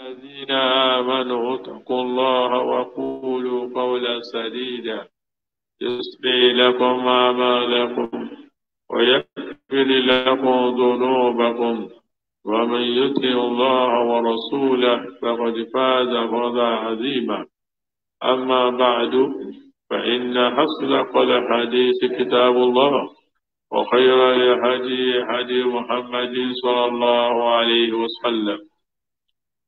الذين آمنوا اتقوا الله وقولوا قولا سديدا يسقي لكم أعمالكم ويغفر لكم ذنوبكم ومن يطع الله ورسوله فقد فاز فوزا عظيما أما بعد فإن أصدق الحديث كتاب الله وخير الهدي هدي محمد صلى الله عليه وسلم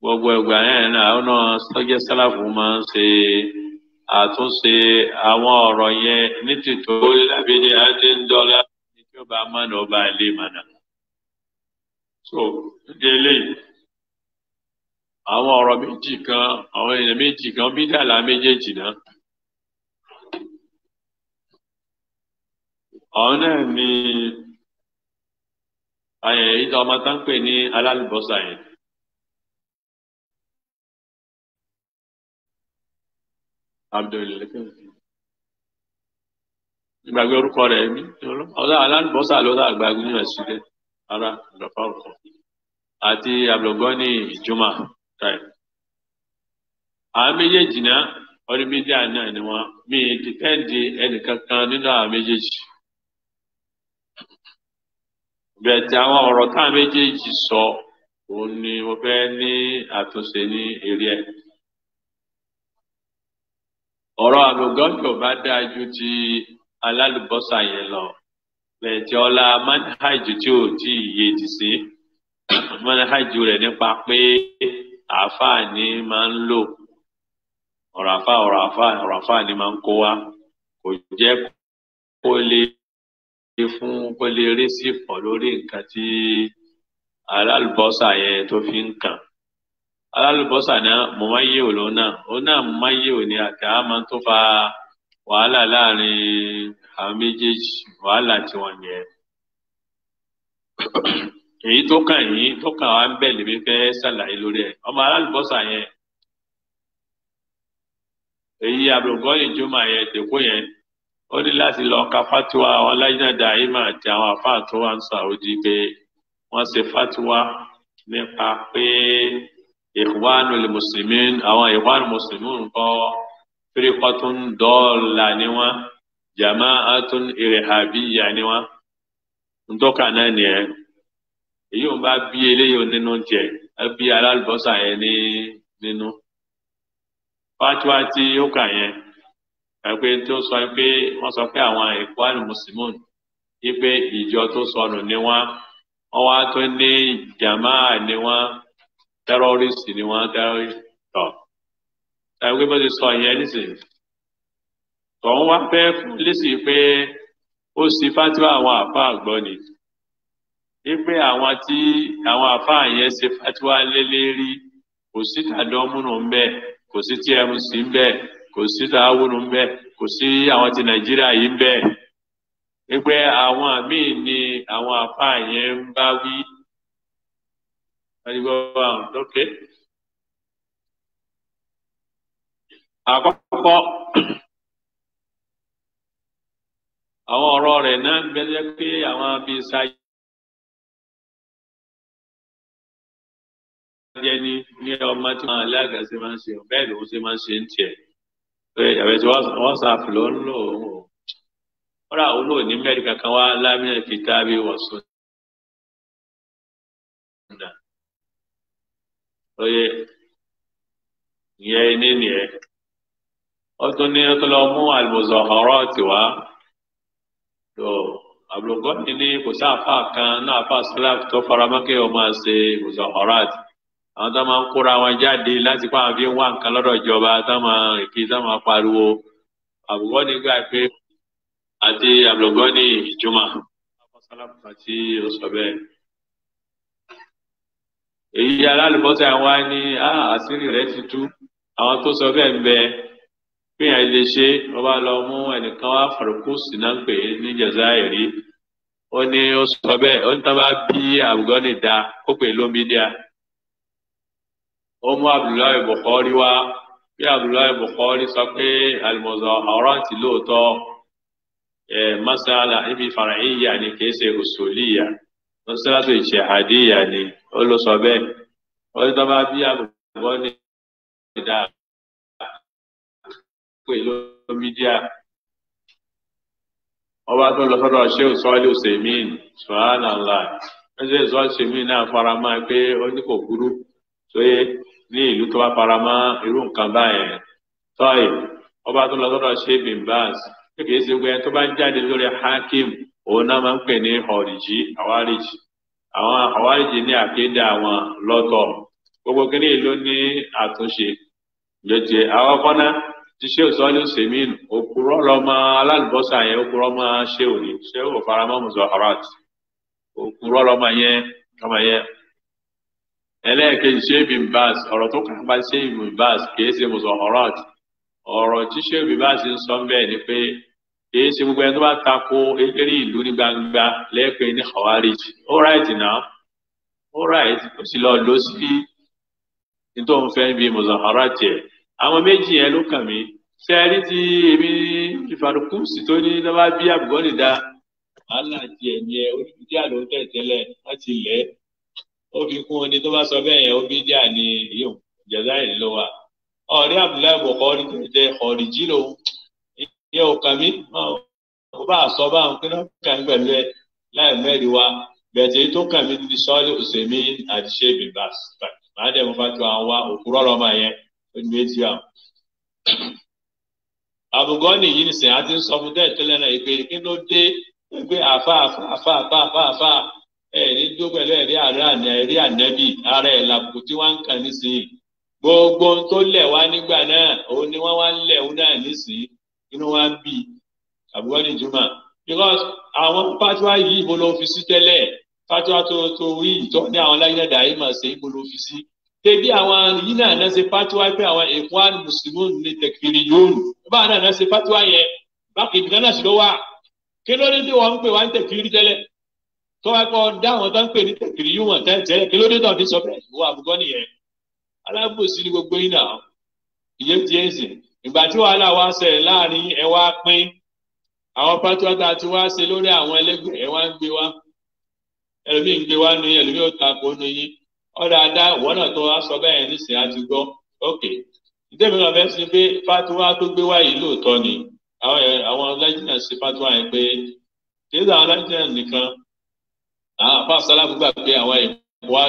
gbogbo ẹgbà yẹn náà àwọn náà sọjẹ sálàfù máa ń ṣe àtúnṣe àwọn ọ̀rọ̀ yẹn ní tìtò lábẹdẹ adéńdọlá níjọba amánà ọba ilé ìmọ̀nà. so délé àwọn ọ̀rọ̀ méjì kan àwọn èèyàn méjì kan bí dàlà méjèèjì náà. ọ̀hún náà ni àyẹ̀yẹ́ ìdá ọmọ tá ń pè ní alálùbọ́sà yẹn. abdulrahman ìgbàgbé orúkọ rẹ̀ ní ọ̀dà alábọ́sà lọ́dà àgbàgbé ní ẹ̀sùlẹ̀ ara ìgbàfà ọ̀kọ̀ àti àbùlọ̀gọ́nì ìjọmà táì. àwọn méjèèjì náà ọdún méjì àná ni wọn mi dìpẹ́ǹdì ẹnìkankan nínú àwọn méjèèjì. bẹ̀ẹ̀tì àwọn ọ̀rọ̀ táwọn méjèèjì sọ òun ni ní àtúnṣe ní eré ọ̀rọ̀ àlùgọ́jọ bá dáa ju ti alálùbọ́sà yẹn lọ lẹ́tí ọlá manhajù tí ò tí ì yé ti sí manhajù rẹ̀ nípa pé àáfàá ni máa ń lò ọ̀rọ̀ àáfàá ọ̀rọ̀ àáfàá ọ̀rọ̀ àáfàá ni máa ń kó wa kò jẹ́ kó lè fún kó lè rí sí pọ̀ lórí nǹkan tí alálùbọ́sà yẹn tó fi ń kàn. alálùbọ́sà náà mo máa ń yé òun náà òun náà mo máa yé òun ní àti àwọn máa tó fa wàhálà láàrin àwọn méjèèjì wàhálà tiwọn yẹn èyí tó kàn yín tó kàn wá ń bẹ̀ lèmi fẹ́ ṣàlàyé lórí ẹ̀ ọmọ alálùbọ́sà yẹn èyí àbùkọ́ ìjọba yẹn tẹ̀kọ́ yẹn ó ní láti lọ ka fatiwa àwọn alájínàdà àti àwọn àfáà tó wà ń pé wọ́n ṣe fatiwa nípa pé. ìkwánu mùsùlùmín àwọn ìkwánu mùsùlùmín kọ́ firikọ́tún dọ́ọ̀là ni wọ́n jamaatun ni wọ́n ń tọ́ka náà nìyẹn bí eléyìí nínú jẹ ẹ bí alálùbọ́sà yẹn ní nínú fatiwa tí ó kà yẹn àgbẹ tó sọ pé wọ́n sọ tẹ́rọ́rìsì ni wọ́n tẹ́rọ́rìsì tọ̀ táwọn gbé bó ti sọ yẹn nísìnyí tọ̀ ń wá fẹ́ fún lẹ́sìn pé ó sì fátíwá àwọn àfa àgbọ̀ ni wípé àwọn tí àwọn àfa yẹn ṣe fátíwá lé lérí kò sí tàdánmúnú ń bẹ kò sí tmc ń bẹ kò sí tàáwùnú ń bẹ kò sí àwọn ti nàìjíríà yìí ń bẹ wípé àwọn míì ni àwọn àfa yẹn ń bá wí ẹnìgbọ́wọ́ àrùn lókè. àkọ́kọ́ àwọn ọ̀rọ̀ rẹ̀ náà gbẹ́lẹ́ pé àwọn bíi sáyé. jẹni ní ọmọ tí wọn alága ṣe máa ń ṣe bẹ́ẹ̀ lòun ṣe máa ń ṣe ń tiẹ̀ pé àbẹ̀tí wọ́sàp ló ń lò ó rà ó lò ní mẹ́rin kankan wá lámìnà kìtàbí wọ̀sùn oye ìyẹn iní nìyẹn ó tún ní kí lọ mú àlùmọ̀sọ̀ ọ̀rọ̀ tiwa tó àbùkọ́ ni ní kò sí àfa kan náà àfa sílá tó faramọ́kẹ́ ọ máa ṣe àlùmọ̀sọ̀ ọ̀rọ̀ àti àwọn tó máa ń kóra wọn jáde láti kó àwọn fi ń wá nǹkan lọ́dọ̀ ìjọba tó máa èké tó máa pariwo àbùkọ́ ni gbà pé àti àbùkọ́ ni ìjùmọ̀ àti ó bẹ́ẹ̀. èyí alálùbọ́sà wa ní àṣírí rẹ̀ ti tú àwọn tó sọ bẹ́ẹ̀ ń bẹ fihàn lè ṣe wọ́n bá lọ mú ẹnìkan wá Farukúsì náà ń pè é ní Jazairi ó ní ó sọ bẹ́ẹ̀ ó ní tán bá bí pè ó mú wá bí sọ pé ọ̀rọ̀ ni kì í ṣe ni. ó ló sọ bẹ́ẹ̀ ó ní tọ́ba bí àgùnbọ́n ní ìdá pè lómídíà ọba tó lọ sọ́dọ̀ ṣé ò sọ́ọ́lì náà fara pé ó ní kò burú ní ìlú tó bá fara mọ́ irú nǹkan báyẹn tọ́yì lọ sọ́dọ̀ ṣé pé tó bá jáde lórí hakim òun náà máa ń pè ní àwọn àwáríjì ní àkéde àwọn lọ́tọ̀ gbogbo kí ní ìlú ní àtúnṣe jẹjẹ àwọn kọ́nà tí ṣé ò sọ́ọ́lù sèmínú òkúrọ́ lọ́mọ alálùbọ́sà yẹn òkúrọ́ mọ́ ṣé ò ní ṣé ò faramọ́ muzaharat òkúrọ́ lọ́mọ yẹn lọ́mọ yẹn ẹlẹ́ẹ̀kejì ṣé ibi mbaz ọ̀rọ̀ tó kàn bá ṣé ibi mbaz kì í ṣe muzaharat ọ̀rọ̀ tí ṣé ibi mbaz ń sọ bẹ́ẹ̀ ni pé kìí ṣe gbogbo ẹni tó bá tako eléré ìlú ní gbangba lẹ́ẹ̀pẹ́ ní khawarij all right now all right kò sí lọ lọ sí nítorí òun fẹ́ bí mọ̀sánfàrà tiẹ̀ àwọn méjì yẹn ló kàn mí ṣe é rí ti èmi ìfàdùkùsì tó ní lọ́wọ́ bí àbúgọ́nì dá wàhálà tiẹ̀ yẹn oníbídí àlọ́ tẹ̀tẹ̀lẹ̀ láti lẹ̀ ó fi kún oní tó bá sọ bẹ́ẹ̀ yẹn oníbídí àní yóò jẹ̀dá ìlú wa ọ̀rẹ́ àbúlá ìbọ̀kọ́ ọ̀rí tẹ̀tẹ̀ yẹ ọkàn mi kò bá sọ bá ń kíná kàn pẹ̀lú láì mẹ́rin wa bẹ̀tẹ̀ tó kàn mí ní sọ́ọ́lì òsèmí àti ṣéèbì bá dẹ̀ mo bá tó àwọn wa òkúrọ̀ lọ́mọ yẹn ó ní méjì àwọn. àbùgọ́ nìyí nìsín àti sọ fún tẹ́ẹ̀ tẹ́lẹ̀ náà ìpè kí ló dé pé àfa àfa àfa àfa àfa àfa ẹ̀rí tó pẹ̀lú ẹ̀rí àrí ànẹ́bì ara ẹ̀ làbùkù tí wọ́n ń kàn nísìnyí gbogbo tó lẹ̀ wá nígbà náà òun ni wọ́n wá ń lẹ̀ òun náà nísìnyí inú wa ń bì àbúrò ní jùmọ̀ because àwọn pátúwá yìí ibo ló fi sí tẹ́lẹ̀ pátúwá tó tó rí ìtọ́ ní àwọn láyínàdà yìí mà ṣe ibo ló fi sí tẹbi àwọn yìí náà náà ṣe pátúwá pé àwọn èkó àwọn mùsùlùmí ní tẹkiri yòówù báwọn náà náà ṣe pátúwá yẹn bákejì náà náà sì ló wà kí ló dé tí wọn ń pè wá ní tẹkiri tẹ́lẹ̀ tó wá kọ dáwọn tó ń pè ní tẹkiri yòówù tẹ́lẹ̀ kí ló dé tó fi sọ bẹ́ẹ̀ ìwọ àbúkọ nìyẹn alábòsí ni gbogbo yìí náà ìyẹn ti ẹ̀ sìn ìgbà tí wàhálà wa ń ṣẹlẹ̀ láàrin ẹ wá pín àwọn pátíwátà tí wá ṣe lórí àwọn ẹlẹgbẹ́ ẹ wá ń gbé wá ẹlòmíì ń gbé wá nu yín ẹlòmíì ò ta kó nu yín ọ̀dà adá ìwọ náà tó wá sọ bẹ́ẹ̀ nísìnyí a ti gbọ́ ok ìdébí náà fẹ́ sí pé pátíwá tó gbé wá yìí lóòótọ́ ni àwọn lẹ́jìnà ṣe pátíwá yẹn pé kéde àwọn lẹ́jìnà nìkan àwọn afáàsálà gbà pé àwọn ìwà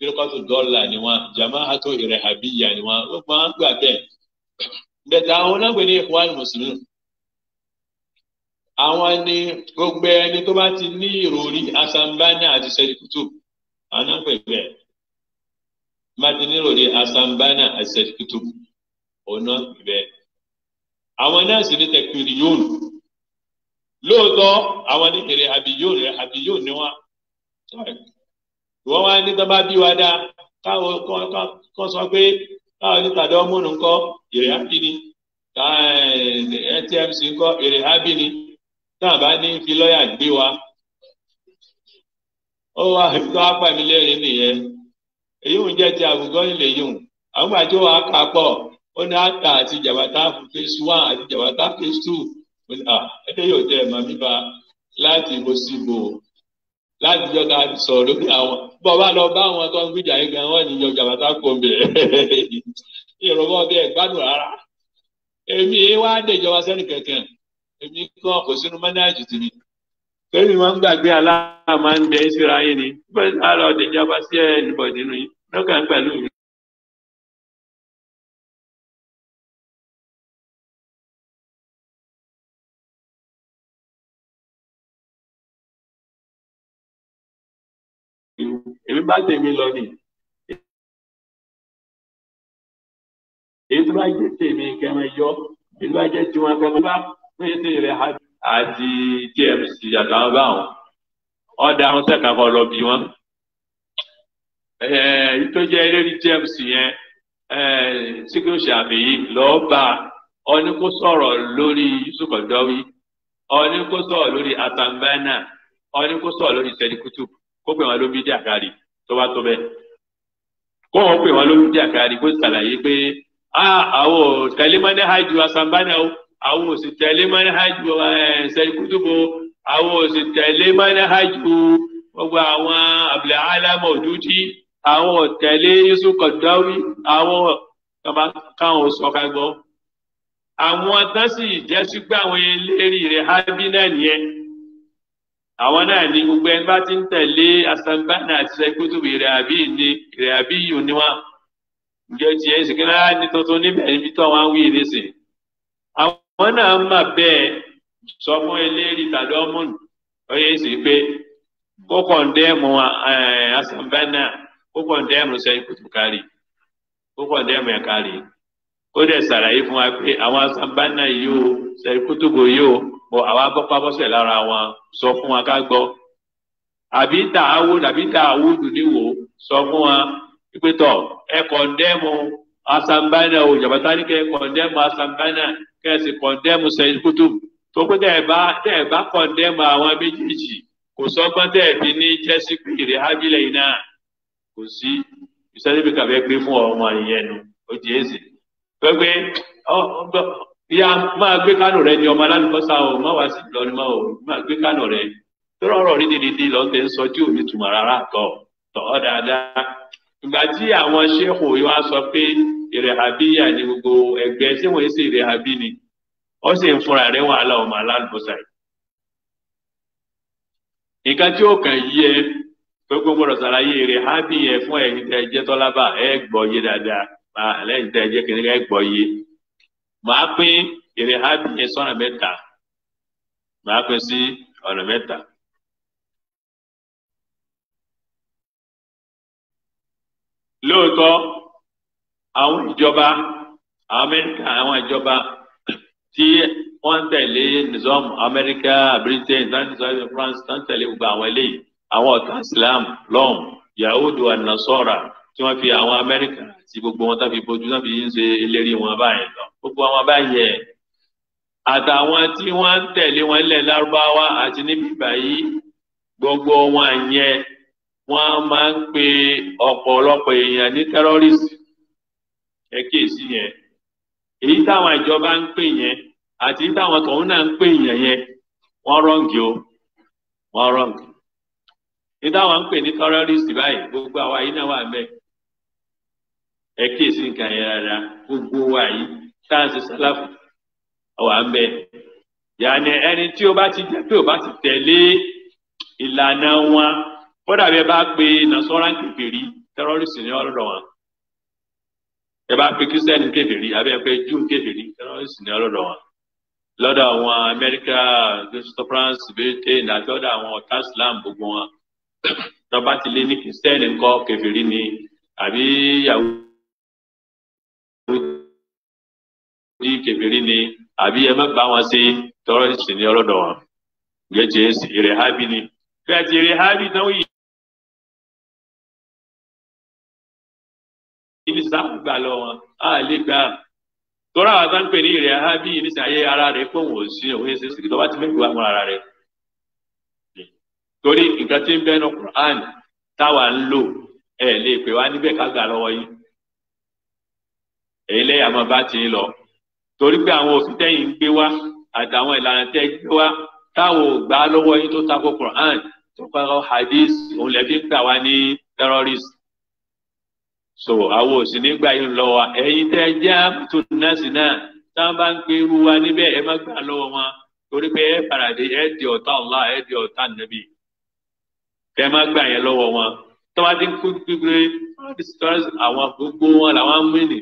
firikọtu dọla ni wọn jama'atu irhabiya ni wọn ó gbọ́n gbà bẹ́ẹ̀ bẹ́tẹ̀ àwọn onágbè ní ikhwan muslimin àwọn ni gbogbo ẹni tó bá ti ní ìròrí asambani àti sẹ́díkútù anápè bẹ́ẹ̀ má ti ní ìròrí asambani àti sẹ́díkútù ọ̀nà bẹ́ẹ̀ àwọn náà sì ní tẹkiri yóò lóòótọ́ àwọn ní kiri àbí yóò rẹ̀ wọ́n wá ní bá bí wa dáa káwọn kọ́ sọ pé káwọn ní tàdé ọmọ nù èrè hábì ni ntmc ńkọ́ èrè ni bá ní fi lọ́ọ̀yà gbé wa ó wá apá mi nìyẹn èyí ń jẹ́ ti àgùgọ́ yìí àwọn wa kà pọ̀ ó ní àti jàbátà phase one àti phase two láti bó láti jọta sọ̀rọ̀ lórí àwọn bọ́ bá lọ bá àwọn tó ń gbìjà yìí gan wọ́n níyàn jàbátá kò ń bẹ̀ ìrọ̀bọ̀ bẹ́ẹ̀ gbádùn rárá èmi wá èmi kọ́ kò sínú tì mí máa ń gbàgbé ń yín ni bẹ́ẹ̀ lọ sí ẹ̀ yín lọ́kàn bá tèmi lọ ni èyí tó bá jẹ tèmi kẹmẹ yọ èyí tó bá jẹ tiwọn kẹmẹ bá fún ètò ìrẹ àti TMC àtàwọn báwọn ọdà àwọn sẹka kọ lọ bí wọn èyí tó jẹ eléré TMC yẹn síkírù sàmìyí lọọ bá ọní kó sọ̀rọ̀ lórí Yusuf ọdọwí ọní kó sọ̀rọ̀ lórí atambana ọní kó sọ̀rọ̀ lórí sẹdikutu kó pè wọn ló bí dàgárì tó bá tó bẹ́ẹ̀ kó wọn pè wọn lójú díẹ̀ kárí kó ṣàlàyé pé àwọn ò tẹ̀lé mọ́ni hajj asambana o àwọn ò sì tẹ̀lé mọ́ni hajj sẹ́yìn kútùbù àwọn ò sì tẹ̀lé mọ́ni hajj gbogbo àwọn abúlé alámọ̀ òdútì àwọn ò tẹ̀lé yusuf kọ̀dáwí àwọn káwọn ò sọ ká gbọ́ àwọn tán sì jẹ́ sí pé àwọn eléré rẹ̀ hábínà nìyẹn àwọn náà ní gbogbo ẹni bá ti ń tẹ̀lé asambana àti sẹ́kútù ìrẹ̀ àbí ìní ìrẹ̀ àbí ìyò ni wọn ǹjẹ́ tiẹ̀ ìsìnkínlá ní tuntun níbẹ̀ níbi tó àwọn wí nísìn àwọn náà mà bẹ́ẹ̀ sọ fún eléyìí tàbí ọmọnù ọyẹ ìsìn pé kó kọ̀ǹdẹ́mù eh, asambana kó kọ̀ǹdẹ́mù sẹ́kútù kárì kó kọ̀ǹdẹ́mù ẹ̀ kárì ó dẹ̀ sàlàyé fún wa pé àwọn asambana yìí ó sẹ́kútù kò yìí ó bọ àwa gbọ́ pábọ́sẹ̀ lára wọn sọ fún wa ká gbọ́ àbí tà á wò àbí tà á dùníwò sọ fún wa pípé tọ ẹ kọ̀ndẹ́mu asambana o jàbátá ní kẹ kọ̀ndẹ́mu asambana kẹ sì kọ̀ndẹ́mu sẹ́yìn kútùbù tó pé tẹ̀ bá tẹ̀ bá kọ̀ndẹ́mu àwọn méjèèjì kò sọ́gbọ́n tẹ̀ bí ní jẹ́sí pèrè ábílẹ̀ iná kò sí ìsẹ́lẹ̀bí kàfẹ́ gbé fún ọmọ ìyẹn nu ó di èsì pẹ́pẹ́ ọ ìyá máa gbé kánò rẹ ní ọmọ alálùkọ́sá o má wá sí lọ ní o máa gbé kánò rẹ tó rọrọ rí dídí lọ ń sọ tí omi tùmọ̀ rárá tọ̀ tọ̀ ọ́ dáadáa ìgbà tí àwọn wa sọ pé ni gbogbo ẹgbẹ́ tí wọ́n ṣe ìrẹ̀hábí ni ó sì ń fúnra rẹ̀ wàhálà ọmọ alálùkọ́sá yìí. nǹkan tí ó kàn yí ẹ gbogbo gbọdọ̀ ṣàlàyé ìrẹ̀hábí yẹn fún ẹ̀yin tẹ́ màá pín èrè hábì yẹn sọ́nà mẹ́ta màá pín sí ọ̀nà mẹ́ta. lóòótọ́ àwọn ìjọba àwọn amẹ́ríkà àwọn ìjọba tí wọ́n ń tẹ̀lé nizam amẹ́ríkà britain tanzania france tán tẹ̀lé gbogbo àwọn eléyìí àwọn ọ̀tá islam lọ́hùn yahudu anasọ́ra tí wọn fi àwọn Amẹ́ríkà àti gbogbo wọn tán fi bójú tán fi ń ṣe eléré wọn báyìí lọ gbogbo àwọn báyìí ẹ̀ àtàwọn tí wọn ń tẹ̀lé wọn lẹ̀ lárúbáwá àti níbi báyìí gbogbo wọn yẹn wọn máa ń pe ọpọlọpọ èèyàn ní tẹ́rọ́rìsì ẹ kíyèsí yẹn èyí táwọn ìjọba ń pè yẹn àti táwọn tọ̀hún náà ń pè yẹn yẹn wọ́n rọ̀ǹgì o wọn rọ̀ǹgì ní táwọn ń pè ní tẹ́rọ́rìsì báyìí gbogbo àwa yìí náà wà bẹ́ẹ̀ ẹ kíyèsí nǹkan yẹn rárá gbogbo wa yìí tá a ṣe sálàfù àwa ń bẹ yàní ẹni tí o bá ti jẹ pé o bá ti tẹ̀lé ìlànà wọn kódà bí ẹ bá pe nasọ́ràn kèfèrí tẹ́rọ́rìsì ní ọlọ́dọ̀ wọn ẹ bá pe kírísítẹ́nì kèfèrí àbí ẹ pe júù kèfèrí tẹ́rọ́rìsì ní ọlọ́dọ̀ wọn lọ́dọ̀ àwọn amẹ́ríkà gbèsè france britain àti ọ̀dọ̀ àwọn ọ̀tá islam gbogbo wọn tó ti lé ní kírísítẹ́nì ńkọ́ kèfèrí ni àbí yahoo. ní kèfèrí ni àbí ẹ má bá wọn ṣe tọrọ ìsìn ní ọlọ́dọ̀ wọn gẹ́jẹ́ ìrẹ̀hábì ni fẹ́ẹ̀tì ìrẹ̀hábì náà yìí. lọ wọn á lè gbà tọ́ra àwọn sáà ní ìrẹ̀hábì ní sàyé ara rẹ̀ pé òun sí òun ṣe sìkì tó ti mẹ́kì ara torí nǹkan tí ń Qur'an táwa ń lò ẹ̀ lè pè wá níbẹ̀ ká gbà lọ́wọ́ yìí lẹ́yìn àmọ́ bá ti ń lọ. torí pé àwọn òfin tẹ́yìn ń gbé wá àtàwọn ìlànà tẹ́ gbé wá táwọn ò gbà lọ́wọ́ yín tó tako Quran tó kọ́ hadith òun lẹ́bí ń pè wá ní terrorist so àwọn òsì nígbà yìí ń lọ wa ẹ̀yin tẹ́ jẹ́ àbùtù nọ́ọ̀sì náà tá a bá ń pe irú wa níbẹ̀ ẹ má gbà lọ́wọ́ wọn torí pé ẹ paradé ẹ di ọ̀tá Allah ẹ di ọ̀tá nàbì kẹ má gbà yẹn lọ́wọ́ wọn tọ́wá ti ń kú gbígbé àwọn gbogbo wọn làwọn ń mìnì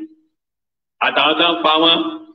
àtàwọn tó ń pa wọn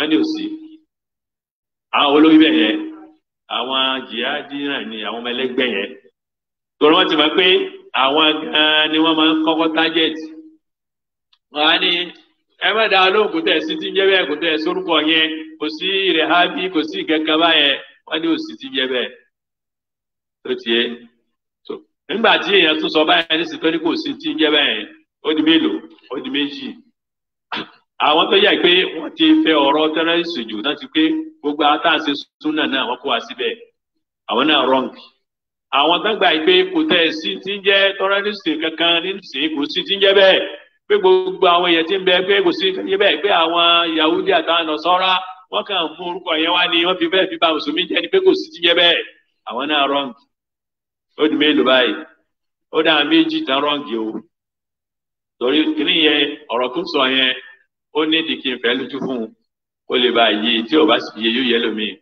wọ́n ní òsì àwọn olórí bẹ́ẹ̀ yẹn àwọn jihadi náà ni àwọn ọmọ ẹlẹ́gbẹ́ yẹn torí wọ́n ti mọ̀ pé àwọn gan-an ni wọ́n máa ń kọ́kọ́ tájẹ̀tì wọ́n á ní ẹ má dáa lóhùn kò tẹ̀ sí ti ń jẹ́ bẹ́ẹ̀ kò tẹ̀ sórúkọ yẹn kò sí rẹ̀hábí kò sí kankan báyẹn wọ́n ní òsì ti ń jẹ́ bẹ́ẹ̀ tó tiẹ̀ tó nígbà tí èèyàn tún sọ báyẹn ní sìtọ́ ní kò sí ti ń jẹ́ bẹ́ẹ̀ ó di mélòó ó di méjì àwọn tó yà pé wọn ti ọrọ ọ̀rọ̀ tẹ́rẹ́sì jù náà ti pé gbogbo àtàǹsẹ̀ súnà náà wọn kó wa síbẹ̀ àwọn náà wrong àwọn tó gbà pé kò tẹ̀ sí ti ń jẹ́ tẹ́rẹ́sì kankan nísìnyí kò sí ti ń gbogbo àwọn èèyàn ti ń bẹ pé kò sí ti ń Yahudi àtàwọn kàn mú orúkọ yẹn ni wọn fi fi mùsùlùmí ni pé kò sí ti ń àwọn náà ó dì mélòó báyìí ó dà méjì tán yìí o torí kìnìyẹn ọ̀rọ̀ ó ní ìdí kí n fẹ́ lójú fún un ó lè bá yé tí ò bá sì yé yóò yẹ lómii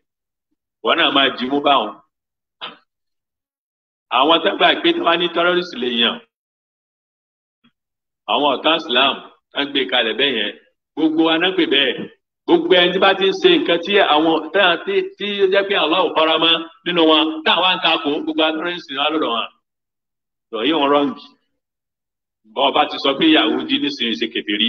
wọn náà máa jí mú báwọn. àwọn tágbà pé tí wọ́n ní tọ́rọ́rìsì lè yàn àwọn ọ̀tá Islam tá gbé kalẹ̀ bẹ́ẹ̀ yẹn gbogbo anágbè bẹ́ẹ̀ gbogbo ẹni tí bá ti ń ṣe nǹkan tí àwọn táwọn tí tí ó jẹ́ pé Allah ò fara mọ́ nínú wọn táwọn ń kakò gbogbo atọ́rẹ́sì wọn lọ́dọ̀ wọn lọ́yìn wọn rọ́ǹgì bọ́ọ̀ bá ti sọ pé Yahudi nísìnyí ṣe kèfèrí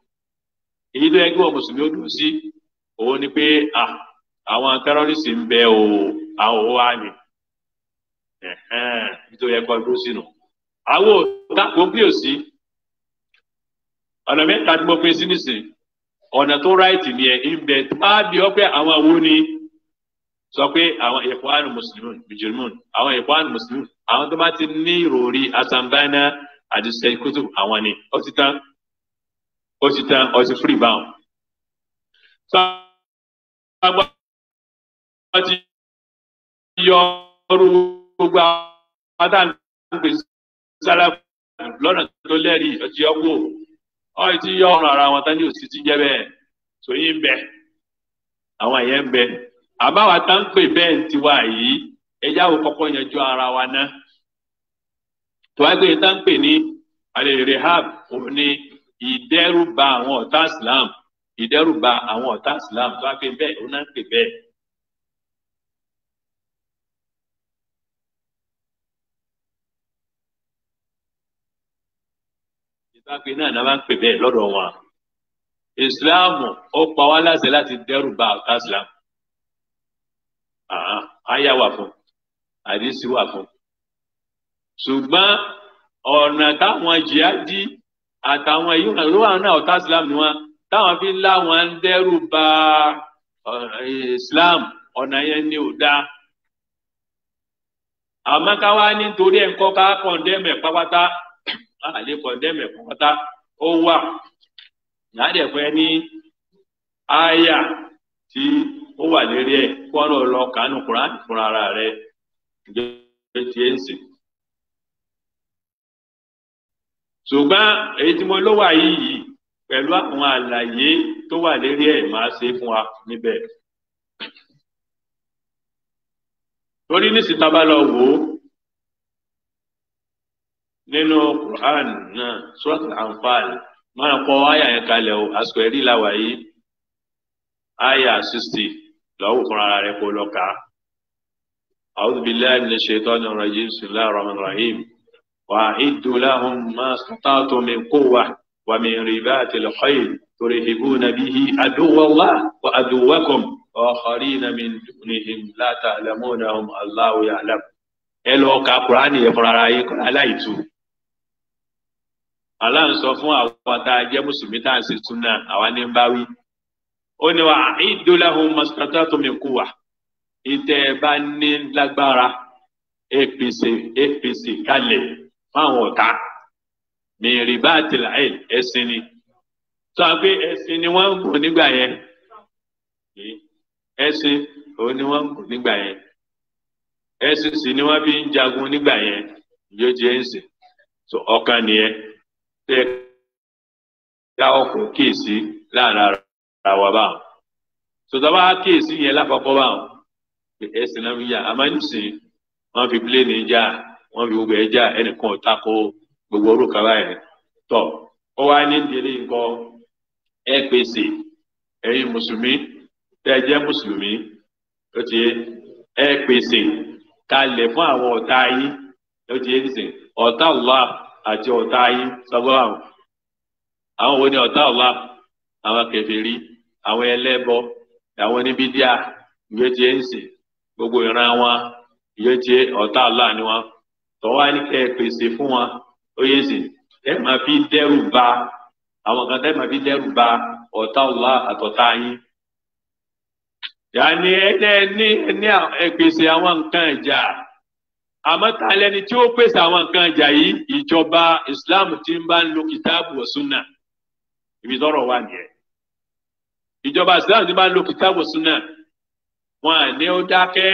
èyí tó yẹ kí wọn mùsùlùmí ó dùn sí òun ni pé àwọn tẹrọrìsì ń bẹ o àwọn ò wá ní èyí tó yẹ kó dúró sínú àwọn òtakò pé ò sí ọ̀nà mẹ́ta tí mo pín sí tó ráìtì ni ẹ̀ ń àwọn àwọn sọ pé àwọn mùsùlùmí àwọn mùsùlùmí àwọn asambana àwọn ó ti tán ó ti firi báwọn. sọ àgbà wọn ti yọ ọrụ ugbo àwọn adáǹgbè sára lọ́nà tó lẹ́rìí ọtí yọ ọ ti yọ ọrụ ara wọn ti bẹ àwọn yẹn ń bẹ tá ń pè yìí ẹjá wo ara wa ná tá ń pè ní òun ni ìdẹ́rùbà àwọn ọ̀tá islam ìdẹ́rùbà àwọn ọ̀tá islam tó wá pé bẹ́ẹ̀ ó náà ń pè bẹ́ẹ̀. ìbápe náà náà máa ń pè bẹ́ẹ̀ lọ́dọ̀ wọn. ìsìláàmù ó pa wá láṣẹ láti dẹ́rùbà ọ̀tá islam. àyà wà fún àdìsí wà fún. ṣùgbọ́n ọ̀nà táwọn jihadi. àtàwọn èyí kan ló wà na ọ̀tá islam ni wọn fi láwọn ń dẹ́rù islam ọ̀nà na ni ò dáa àmọ́ ká wá nítorí ẹ̀ ń kọ́ ká kọ̀ndẹ́mẹ̀ pápátá àlè kọ̀ndẹ́mẹ̀ pápátá ó wà ní àyà tí wà lérí ẹ̀ kọ́nà lọ kánú kúránì fúnra rẹ̀ ǹjẹ́ ṣùgbọ́n èyí tí mo ló wà yìí pẹ̀lú àwọn àlàyé tó wà lérí ẹ̀ máa ṣe fún wa níbẹ̀. torí nísìsiyìí tá a bá lọ wò ó nínú Quran náà surat al-Anfal máa kọ àyà yẹn kalẹ̀ o àsìkò ẹ̀rí làwà yìí àyà sixty lọ́wọ́ fúnra rẹ̀ kó lọ́ka. a'udhu billahi minash shaitanir rajim bismillahir rahmanir rahim. وأعد لهم ما استطعت من قوة ومن رباط الخيل ترهبون به عدو الله وعدوكم وآخرين من دونهم لا تعلمونهم الله يعلم ẹ lọ ka kuraani yẹn fúnra ara yín aláìtu Allah ń sọ fún àwọn tá a jẹ́ mùsùlùmí tá a ń ṣe sunna àwa ní ń bá wí ó ní wa a'iddu lahum mastata'tum min quwwa ìtẹ̀ bá ní lágbára apc apc kalẹ̀ fáwọn ọ̀tá mèrè bá tilẹ̀ ẹ̀sìn ni sọ pé ẹ̀sìn ni wọ́n ń bò nígbà yẹn ẹ̀sìn òun ni wọ́n ń bò nígbà yẹn ẹ̀sìn sì ni wọ́n fi ń jagun nígbà yẹn yóò jẹ́ ẹ̀sìn tó ọkàn nìyẹn tẹ́ ká ọkùn kíyèsí láàrin ara wa báwọn sọtaba kíyèsí yẹn lápapọ̀ báwọn ẹ̀sìn náà fi yà àmọ́ nísìnyí wọ́n fi pílẹ̀ níjà. wọn fi gbogbo ẹja já ẹnìkan ò tako gbogbo orúkọ báyẹn tọ́ ó wá ní ìdílé nǹkan ẹ pèsè ẹ̀yin mùsùlùmí tẹ́ ẹ mùsùlùmí ó ti fún àwọn ọ̀tá yín ó ti ẹ nìsín ọ̀tá àti ọ̀tá yín sọgbọ́n àwọn àwọn wo ni ọ̀tá Allah àwọn kèfèrí àwọn ẹlẹ́bọ àwọn oníbídíà ìwé ti gbogbo ìran wọn ìwé ti ọ̀tá Allah ni wọn. tọ́wá ní kẹ́ ẹ pèsè fún wọn ó yẹ sìn ẹ máa fi dẹ́rù ba àwọn kan tẹ́ máa fi dẹ́rù ba ọ̀tá Allah àtọ̀tá yín. yàní ẹni ẹni ẹni ẹ pèsè àwọn nǹkan ìjà àmọ́ ta lẹni tí ó pèsè àwọn nǹkan ìjà yìí ìjọba Islam ti ń bá ń lo kìtáàbù wa ibi tọrọ wà nìyẹn ìjọba Islam ti bá ń lo kìtáàbù wa wọn à ó dákẹ́.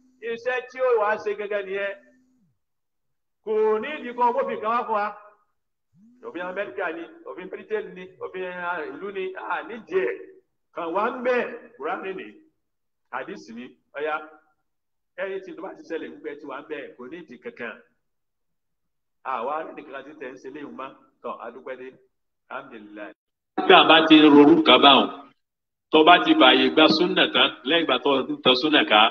iṣẹ́ tí ó wà á ṣe gẹ́gẹ́ nìyẹn kò ní ìdí kan kó fi kan wá fún wa òfin amẹ́ríkà ni òfin britain ni òfin ìlú ni àníjẹ kan wá ń bẹ kúránì ni àdìsí ni ọ̀ya ẹni tí tó bá ti ṣẹlẹ̀ gbígbẹ́ tí wà ń bẹ kò ní ìdí kankan àwa nìkan ti tẹ̀ ń ṣe léwu mọ́ tán adúpẹ́ dé alhamdulilayi. nígbà bá ti rorú kan báwọn tó bá ti fààyè gba súnà tán lẹ́yìn ìgbà tó ń tan súnà ká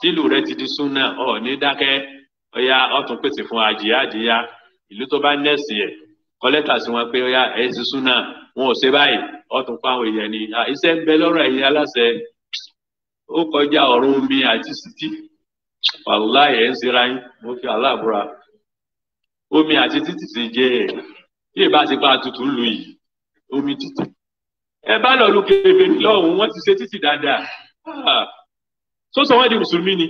tílù rẹ ti di súnà ọ ní dákẹ́ ọyá ọtún pèsè fún àjìyá àjìyá ìlú tó bá nẹ́ẹ̀sì ẹ̀ kọ́lẹ́tà sí wọn pé ọyá ẹ̀ ti súnà wọn ò ṣe báyìí ọtún pa àwọn èèyàn ni iṣẹ́ ń bẹ lọ́rọ̀ ẹ̀yin aláṣẹ ó kọjá ọ̀run mi àti sítí wàláì ẹ̀ ń sera yín mo fi aláàbúra omi àti títì ti jẹ ẹ̀ bí ìbá ti bá tutù lù yìí omi títì ẹ bá lọ lu kébé lọ́hùn-ún ti ṣe títì dáadáa. Ah, tọ sọ wọ́n ni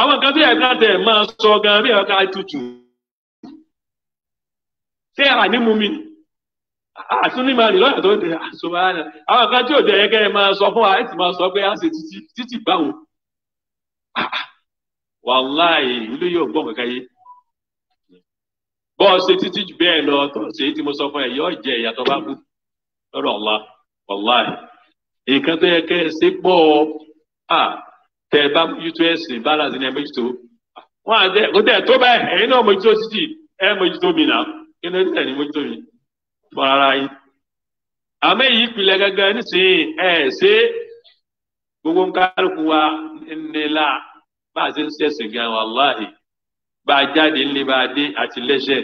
àwọn nǹkan tó yẹ ká tẹ máa sọ gan bí ẹ̀ka tutù tẹ́ ànímúmi àtúnímọ̀ ni lọ́yà tó ń àṣọba àwọn sọ fún wa sọ pé a ṣe títí títí báwo wàláì ilé yóò gbọ́ nǹkan yé bọ́ ọ ṣe títí jù bẹ́ẹ̀ lọ tó ṣe mo sọ fún ẹ yọ jẹ ìyàtọ̀ bá kú ọ̀la wàláì nǹkan tó yẹ tẹ ẹ bá mójútó ẹ̀sìn balance ni ẹ mójútó wọn àti kò tẹ ẹ tó báyìí ẹ̀yin náà mójútó títì ẹ mójútó mi nà kí ló tẹ ẹ ní mójútó mi fún ara yín. àmọ́ èyí ìpìlẹ̀ gẹ́gẹ́ nísìnyí ẹ ṣe gbogbo nkálukú wa nílá bá a ṣe ń ṣẹ̀sìn gan wàláhì bá a jáde ńlẹ bá a dé àti lẹ́sẹ̀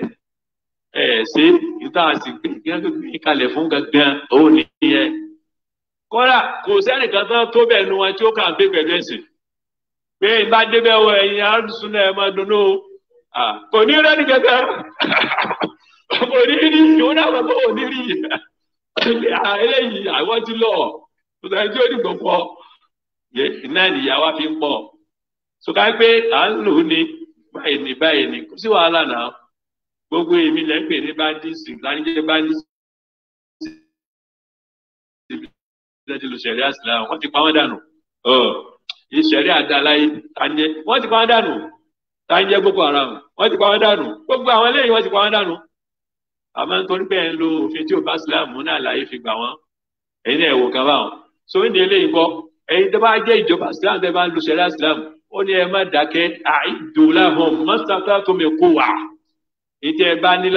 ẹ ṣe ìta àti gbẹgbẹ kalẹ̀ fún gangan òun nìyẹn kọ́ra kò sẹ́nìkan tó bẹ̀ nu wọn tí ó kà ń pè pẹ̀lú ẹ̀sìn. pé ìbá débẹ̀ wọ ẹ̀yin arúgbó náà ẹ̀ máa dunnú kò ní rẹ́ni kẹ̀kẹ́ náà wọ́n bọ̀ eléyìí àwọn ti lọ ọ̀sán tí ó ní iná náà nìyàwó fi ń pọ̀ sọ̀ká pé à ń lò ó ní báyìí ní báyìí ní kò sí wàhálà náà gbogbo èmi lẹ́ ń pè ní bandisi ìṣẹ̀rí àdáláyé tàǹjẹ́ wọ́n ti pa wọ́n dànù tàǹjẹ́ Boko Haram wọ́n ti pa wọ́n dànù gbogbo àwọn eléyìí wọ́n ti pa wọ́n dànù. àmọ́ nítorí pé ẹ̀ ń lo òfin tí ò bá náà láyé fi gbà wọ́n ẹ̀yin ẹ̀wò kan báwọn. so ní eléyìí kọ́ ẹ̀yin tó bá jẹ́ ìjọba síláàmù tẹ́ bá ń lu ṣẹ̀rí síláàmù ó ní ẹ má dákẹ́ àìdùláhùn mọ́sátá tó mi kó wà. ìtẹ́ ẹ bá ní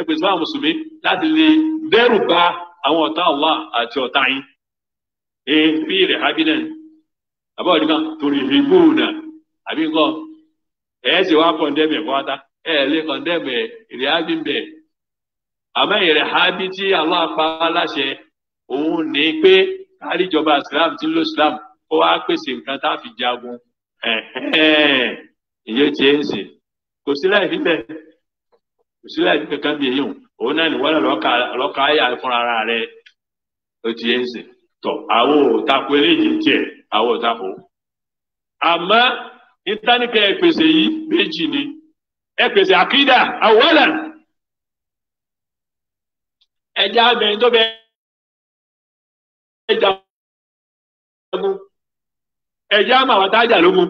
ẹ pèsè fáwọn mùsùlùmí láti lè dẹ́rù bá àwọn ọ̀tá Allah àti ọ̀tá yín ee fi rẹ̀ habinan àbọ̀ ọ̀dùnkà torí hibuna àbí nǹkan ẹ̀ wá kọ̀ndẹ́mì ẹ̀kọ́ wá tá ẹ̀ ẹ́ lé kọ̀ndẹ́mì àmọ́ ìrẹ̀ tí Allah pa láṣẹ òun ní pé káríjọba Islam ti lo Islam ó wá pèsè nǹkan tá a sílẹ̀ kankan bí èyí òun náà nìwọ́n náà lọ́ka ayà fúnra ara rẹ̀ ó ti yẹn sìn tọ àwọn òtakò eléyìí tiẹ̀ àwọn òtakò. àmọ́ ìtànìkẹ́ ẹ yìí méjì ni ẹ àkídà àwọ̀là ẹja abẹ́yìn tó bẹ ẹja ogun ẹja àmàwátájà lógun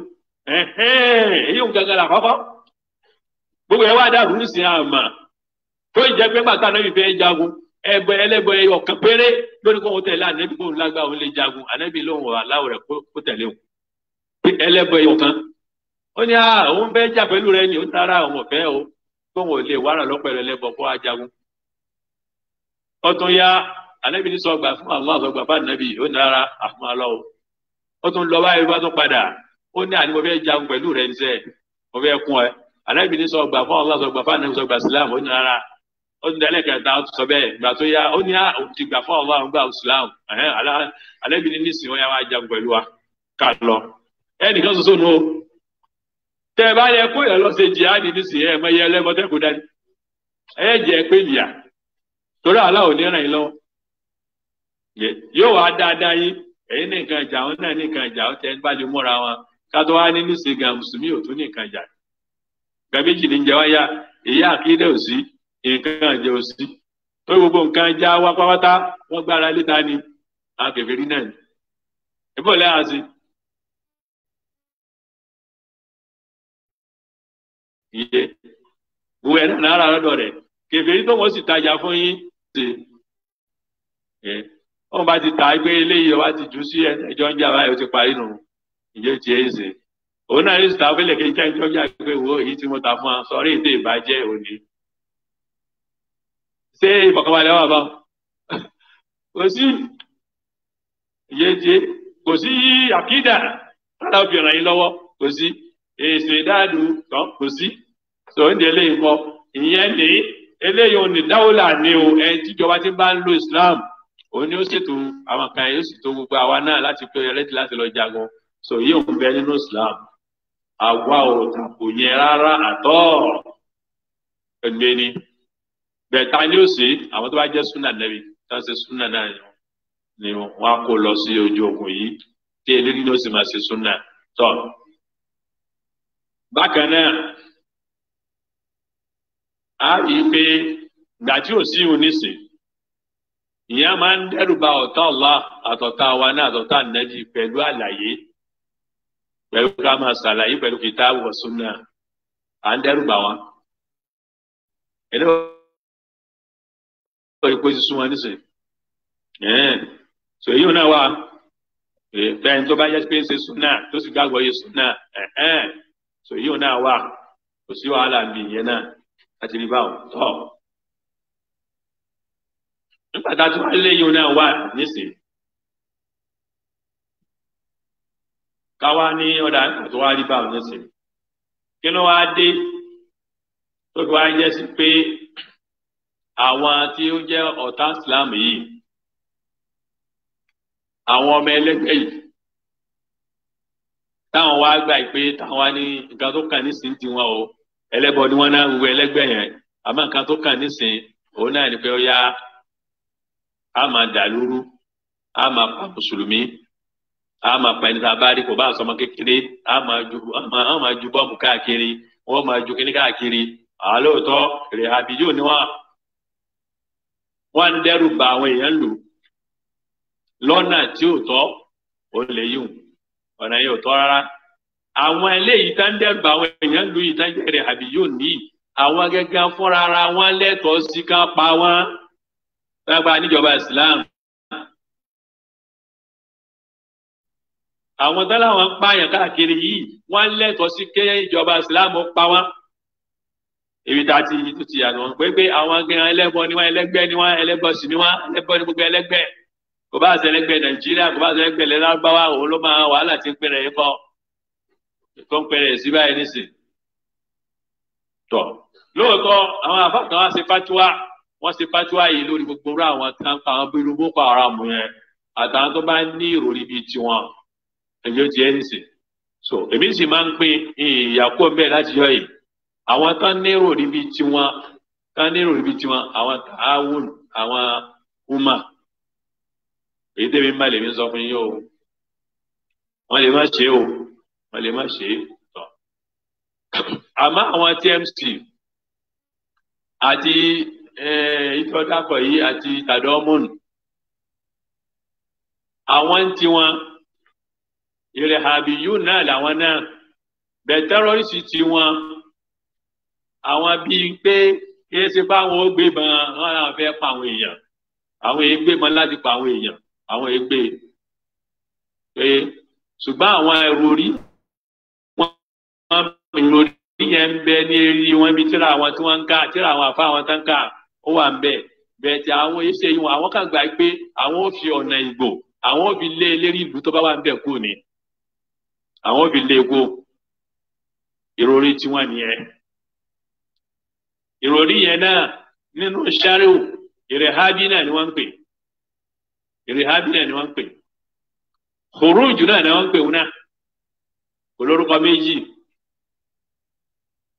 èyí ń gangan gbogbo ẹ wá dàrú sí àmà tó ìjẹ pé bàtà náà fi fẹ́ jagun ẹbọ ẹlẹbọ ẹyọ kan péré lórí kóhun tẹ̀lé ànábì kóhun lágbà òun lè jagun ànábì lóhun wà láwọ rẹ kó tẹ̀lé òun ẹlẹbọ ẹyọ kan ó ní àá òun fẹ́ jà pẹ̀lú rẹ ni ó tara òun ọ̀fẹ́ o kóhun ò lè wàrà lọ́pẹ̀rẹ̀ ẹlẹbọ kó wá jagun ọtún ya ànábì ní sọ gbà fún àwọn àgbàgbà fún ànábì ó nara àfún alọ o ó tún lọ báyìí bá tún padà ó ní àní mo fẹ́ jagun pẹ̀lú rẹ ní sẹ mo fẹ́ kún ẹ ala ní sọ gbà fún ọlá sọ gbà fún ànábì sọ gbà sílámù ó ní rárá ó ní dẹ́lẹ̀ kẹta ó ti sọ bẹ́ẹ̀ gbà tó yá ó ní ti gbà fún ọlá gbà sílámù ànábì ní nísìnyí wọn yà máa pẹ̀lú wa ká lọ ẹnìkan ṣoṣo nù o tẹ ẹ bá yẹ kó yẹ lọ ṣe jihadi nísìnyí ẹ mọ iye ẹlẹ́mọ tẹ́kù dání ẹ jẹ pé nìyà torí àlá nǹkan méjì ní ya wáyà èyí osi ò sí nǹkan àjẹ gbogbo nǹkan já wá pátá wọn gbára léta ni àwọn kèfèrí náà ni ìbò lẹ́yìn iye wo ẹ náírà kèfèrí tó wọ́n sì tajà fún yín ṣe ẹ wọ́n bá ti ta eléyìí ti jù sí ẹjọ́ ń jà báyìí ó ti parí nù ìjẹ́ tiẹ̀ òun náà yóò ta fẹlẹ kí n jẹ ìjọba pé wo èyí tí mo ta fún ọ sọrí ètò ìbàjẹ́ òní ṣé ìfọ̀kànbalẹ̀ wà bá kò sí yéje kò sí àkídà rárá obìnrin yìí lọ́wọ́ kò sí èsì ìdáàdù kan kò sí sọ ń délé nǹkan ìyẹn ní eléyìí òní dáwọlà ni o ẹ tíjọba ti bá ń lo Islam òun ni ó ṣètò àwọn kan yóò ṣètò gbogbo àwa náà láti pé ẹlẹ́tì láti lọ jagun sọ yìí òun bẹ nínú Islam àwa ò tàkò yẹn rárá àtọ́ ẹgbẹ́ ni bẹ̀ẹ̀ta ni ó sì àwọn tó bá jẹ́ súnà lẹ́bi tó ń ṣe súnà náà ni wọ́n á kó lọ sí ojú ogun yìí tí eléyìí ló sì máa ṣe súnà tọ́ bákan náà a rí pé gbà tí ò sí onísìn ìyẹn máa ń dẹ́rù ba ọ̀tá Allah àtọ̀tá wa náà àtọ̀tá nàìjí pẹ̀lú àlàyé pẹ̀lú ká máa ṣàlàyé pẹ̀lú kìtáàbù wa sunna à ń dẹ́rù bà wá. ẹni wọ́n yóò pé sísun wọn so èyí náà wà bẹ́ẹ̀ tó bá yẹ pé ṣe sunna tó sì gbàgbọ́ yẹ sunna so èyí náà wà kò sí wàhálà mi ìyẹn náà láti rí báwọn tọ́ nígbà tá a tún wá lé yìí náà wà nísìn. káwá ní ọ̀dà tó wá rí báwọn ní sìn kí ló wá dé tó fi wá jẹ́ sí pé àwọn tí ó jẹ́ ọ̀tá Islam yìí àwọn ọmọ ẹlẹ́gbẹ́ yìí táwọn wá gbà pé táwọn ní nǹkan tó kàn nísìnyí tiwọn o ẹlẹ́bọ ni wọn náà ń wo yẹn àmọ́ nǹkan tó kàn nísìnyí òun náà ni pé ó yá dà a máa pa mùsùlùmí a máa pa ẹni tá a bá rí kò bá sọmọ kékeré a máa ju a máa ju bọ́ọ̀mù káàkiri wọ́n máa ju kíní káàkiri àlóòótọ́ rè àbíjú ni wọ́n wọ́n ń dẹ́rù ba àwọn èèyàn lò lọ́nà tí ò tọ́ ó lè yùn ọ̀nà yìí ò tọ́ rárá àwọn eléyìí tá ń dẹ́rù ba àwọn èèyàn lò yìí tá ń jẹ́ rè àbíjú nìyí àwọn gẹ́gẹ́ fúnra ara wọn lẹ́tọ̀ọ́ sí ká pa wọ́n lágbára níjọba Islam àwọn tó láwọn ń pààyàn káàkiri yìí wọ́n lẹ́tọ̀ọ́ sí kéyẹ ìjọba ìsìláàmù pa wọ́n èmi tá a ti yìí tó ti yàtọ̀ wọn pé pé àwọn agbẹ̀rún ẹlẹ́bọ ni wọ́n ẹlẹ́gbẹ́ ni wọ́n ẹlẹ́bọ sì ni wọ́n ẹlẹ́bọ ni gbogbo ẹlẹ́gbẹ́ kò bá àṣẹlẹ́gbẹ́ nàìjíríà kò bá àṣẹlẹ́gbẹ́ lẹ́lágbáwá òun ló máa wàhálà ti ń pèrè yìí kọ́ tó ń pèrè sí báyìí nísìn tọ̀ lóòótọ́ àwọn àfáàkàn wá ṣe fatuwa wọ́n ṣe fatuwa yìí lórí gbogbo àwọn kan àwọn bíi rúbó pa ara mu yẹn àtàwọn tó bá ní ìròrí bíi tiwọn ẹ̀mí ó ti ẹ́ nìsín so èmi sì máa ń pín ìyàkó ń bẹ̀ láti yọ yìí àwọn tán nírò níbi tiwọn tán nírò níbi tiwọn àwọn tààwùn àwọn húmà èyí tẹ̀mí má lèmi sọ fún yín o wọ́n lè má ṣe o wọ́n lè má ṣe tán àmọ́ àwọn TMC àti ìtọ́jáfọ̀ yìí àti tàdọ́mọ́nù àwọn tiwọn ìrẹ̀hàbí yóò náà làwọn náà bẹ́ẹ̀ tẹ́rọ́rìsì ti wọn àwọn bíi pé kìí ṣe pé àwọn ó gbé bọn wọn làwọn fẹ́ pa àwọn èèyàn àwọn èèyàn gbé bọn láti pa àwọn èèyàn àwọn èèyàn gbé pé ṣùgbọ́n àwọn ẹrù orí wọn ìròrí yẹn ń bẹ ní eré wọn bí tíra àwọn tí wọ́n ń kà tíra àwọn àfa àwọn tó ń kà ó wà ń bẹ bẹ́ẹ̀ tí àwọn iṣẹ́ yìí wọn àwọn kan gbà pé àwọn ò fi ọ̀nà ìgbò àwọn ò fi lé eléri ìlú tó bá wà ń bẹ kú ni àwọn fi lé epo ìròrí tiwọn nìyẹn ìròrí yẹn náà nínú ṣáréwò ìrèhádì náà ni wọ́n ń pè ìrèhádì náà ni wọ́n ń pè kòrójù náà ni wọ́n ń pè wọn náà olórúkọ méjì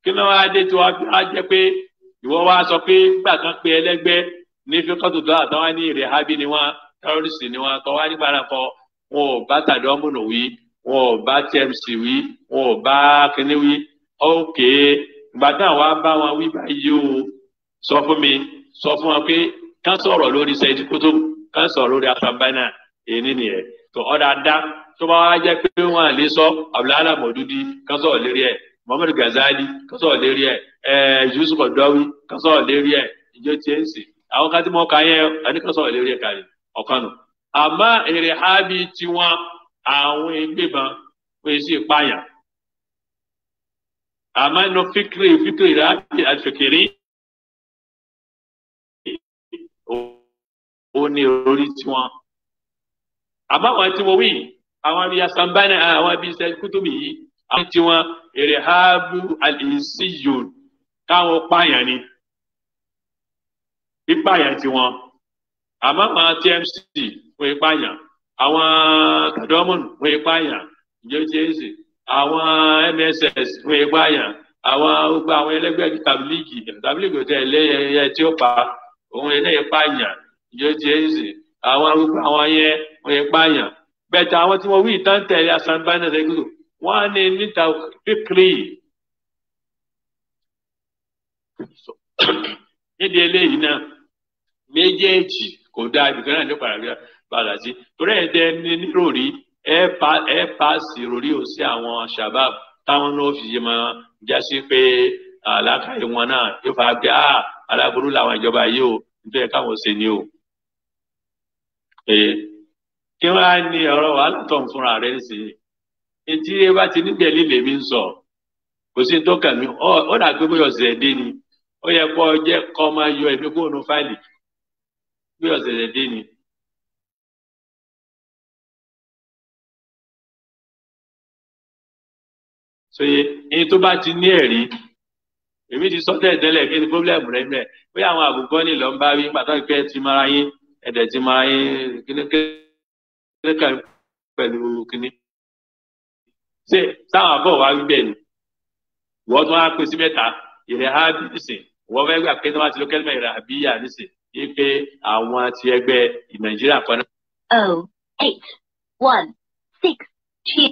kí ló wáá dé tí wọ́n fi pé ìwọ sọ pé gbà kan pé ní àtàwọn ni ni nígbà náà wọn ò bá wọn ò tmc wí wọn ò wí ókè gbàdá wa bá o sọ fún mi sọ fún wọn pé kán sọ̀rọ̀ lórí sẹ́yìn kótó kán sọ̀rọ̀ lórí asambana èyí nìyẹn tó ọ̀dà dá tó bá wá jẹ́ pé wọ́n lè sọ abdulhala mọ̀dúdí kán sọ̀rọ̀ ẹ̀ muhammadu kán sọ̀rọ̀ ẹ̀ ẹ̀ àwọn ẹgbẹ́ban wọ́n sì pààyàn. àmọ́ inú fíkìrì fíkìrì rẹ̀ àti fìkìrì ó ní orí tiwọn. àmọ́ àwọn tí wọ́n wí àwọn bíi asambana àwọn bíi sẹ́kútùmí yìí àwọn tí wọ́n èrè haabu alìsíyòn káwọn pààyàn ni pípààyàn tiwọn àmọ́ àwọn tmc fún ìpààyàn àwọn kàdọ́mọ̀nù wọ́n ipá yàn ìjọ tí àwọn mss wọ́n ipá yàn àwọn gbogbo àwọn ẹlẹgbẹ́ tabiligi tabiligi tẹ ẹlẹ́yẹ tí ó pa òun ẹlẹ́ ipá yàn ìjọ tí ẹ ṣe àwọn gbogbo àwọn yẹn wọ́n ipá yàn bẹ́ẹ̀ àwọn tí wọ́n wí ìtàn tẹ̀lé asanbáyé náà ṣẹ́gun á ní níta fíkìrì nídìí eléyìí náà méjèèjì kò dáa ibìkan náà ní pàrọ̀ padà sí torí ẹ̀ tẹ́ ní nírọ̀rí ẹ pa ẹ paasi rọ̀rí o sí àwọn shabab táwọn náà fi máa jásí pé àlàkàyè wọn náà yóò fà gbé a aláburú làwọn ìjọba yìí o nítorí káwọn ṣe ni o. kí wọ́n á ní ọ̀rọ̀ wàhálà tó ń fúnra rẹ̀ ń sìn etí ẹ bá ti nígbẹ̀ líle mi ń sọ kò sí tó kàn mí ó dà pé bóyá ọ̀sẹ̀ dé ni ó yẹ kó jẹ́ kó máa yọ ẹ̀mí kúrò ní fáìlì bóyá ọ̀sẹ̀ dé ni. ṣòye ẹni tó bá ti ní ẹ̀rí èmi ti sọ tẹ́lẹ̀ tẹ́lẹ̀ kí ni pọ́blẹ́mù rẹ mẹ́ pé àwọn àgùkọ́ ni lọ́n bá rí pàtó ìpẹ́ ti mara yín ẹ̀dẹ̀ ti mara yín kíníkẹ́ pẹ̀lú kíní. ṣé táwọn àbọ̀ wá rí ni wọ́n tún wá pín sí mẹ́ta ìrẹ̀ ha bí nìsín wọ́n fẹ́ gbà pé tí wọ́n ti lókè lẹ́mọ̀ ìrẹ̀ àbí yà nìsín yí pé àwọn ti ẹgbẹ́ Nàìjíríà kan náà. oh eight one six two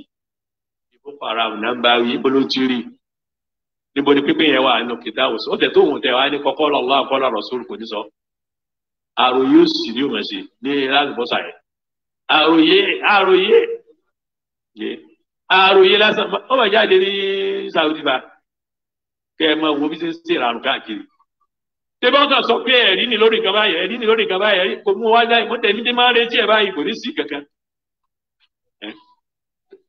ó fara ọ̀nà bá wí bó ló ti rí níbo ni pípín yẹn wà nínú kìtà òsì ó tẹ̀ tó òun tẹ̀ wá ní kọ́kọ́ lọ́lọ́ àkọ́lọ́ rọ̀ṣọ́rù kò ní sọ àròyé òsì ni ó mọ̀ sí ní lálùbọ́sà yẹn àròyé àròyé àròyé lásán ó mà jáde ní Saudi ba kẹ ẹ mọ wo bí ṣe ń ṣe ìrànù káàkiri tẹ́bọ́n kan sọ pé ẹ̀rí ni lórí nǹkan báyìí ẹ̀rí ni lórí nǹkan báyìí kò mú wá láì mọ́tẹ́mídé máa ń retí ẹ̀ báyìí kò ní sí kankan.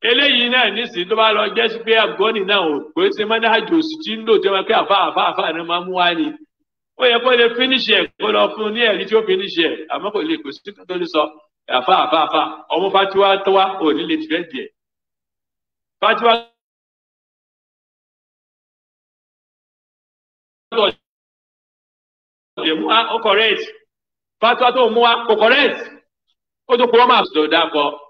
eléyìí náà nísìnyí tó bá lọ jẹ́ sí pé àgọ́nì náà ò pé ṣe máa ní àjò òsì tí ń lò ni máa mú wá ni ó yẹ kó lè kó lọ fún ní ẹ̀rí tí ó fínísì àmọ́ kò lè kò sọ àfa àfa àfa ọmọ fatiwa tó wá ò ní lè tìfẹ́ díẹ̀ fatiwa tó lè mú wa ó correct fatiwa tó mú wa kò ó tó kó wọ́n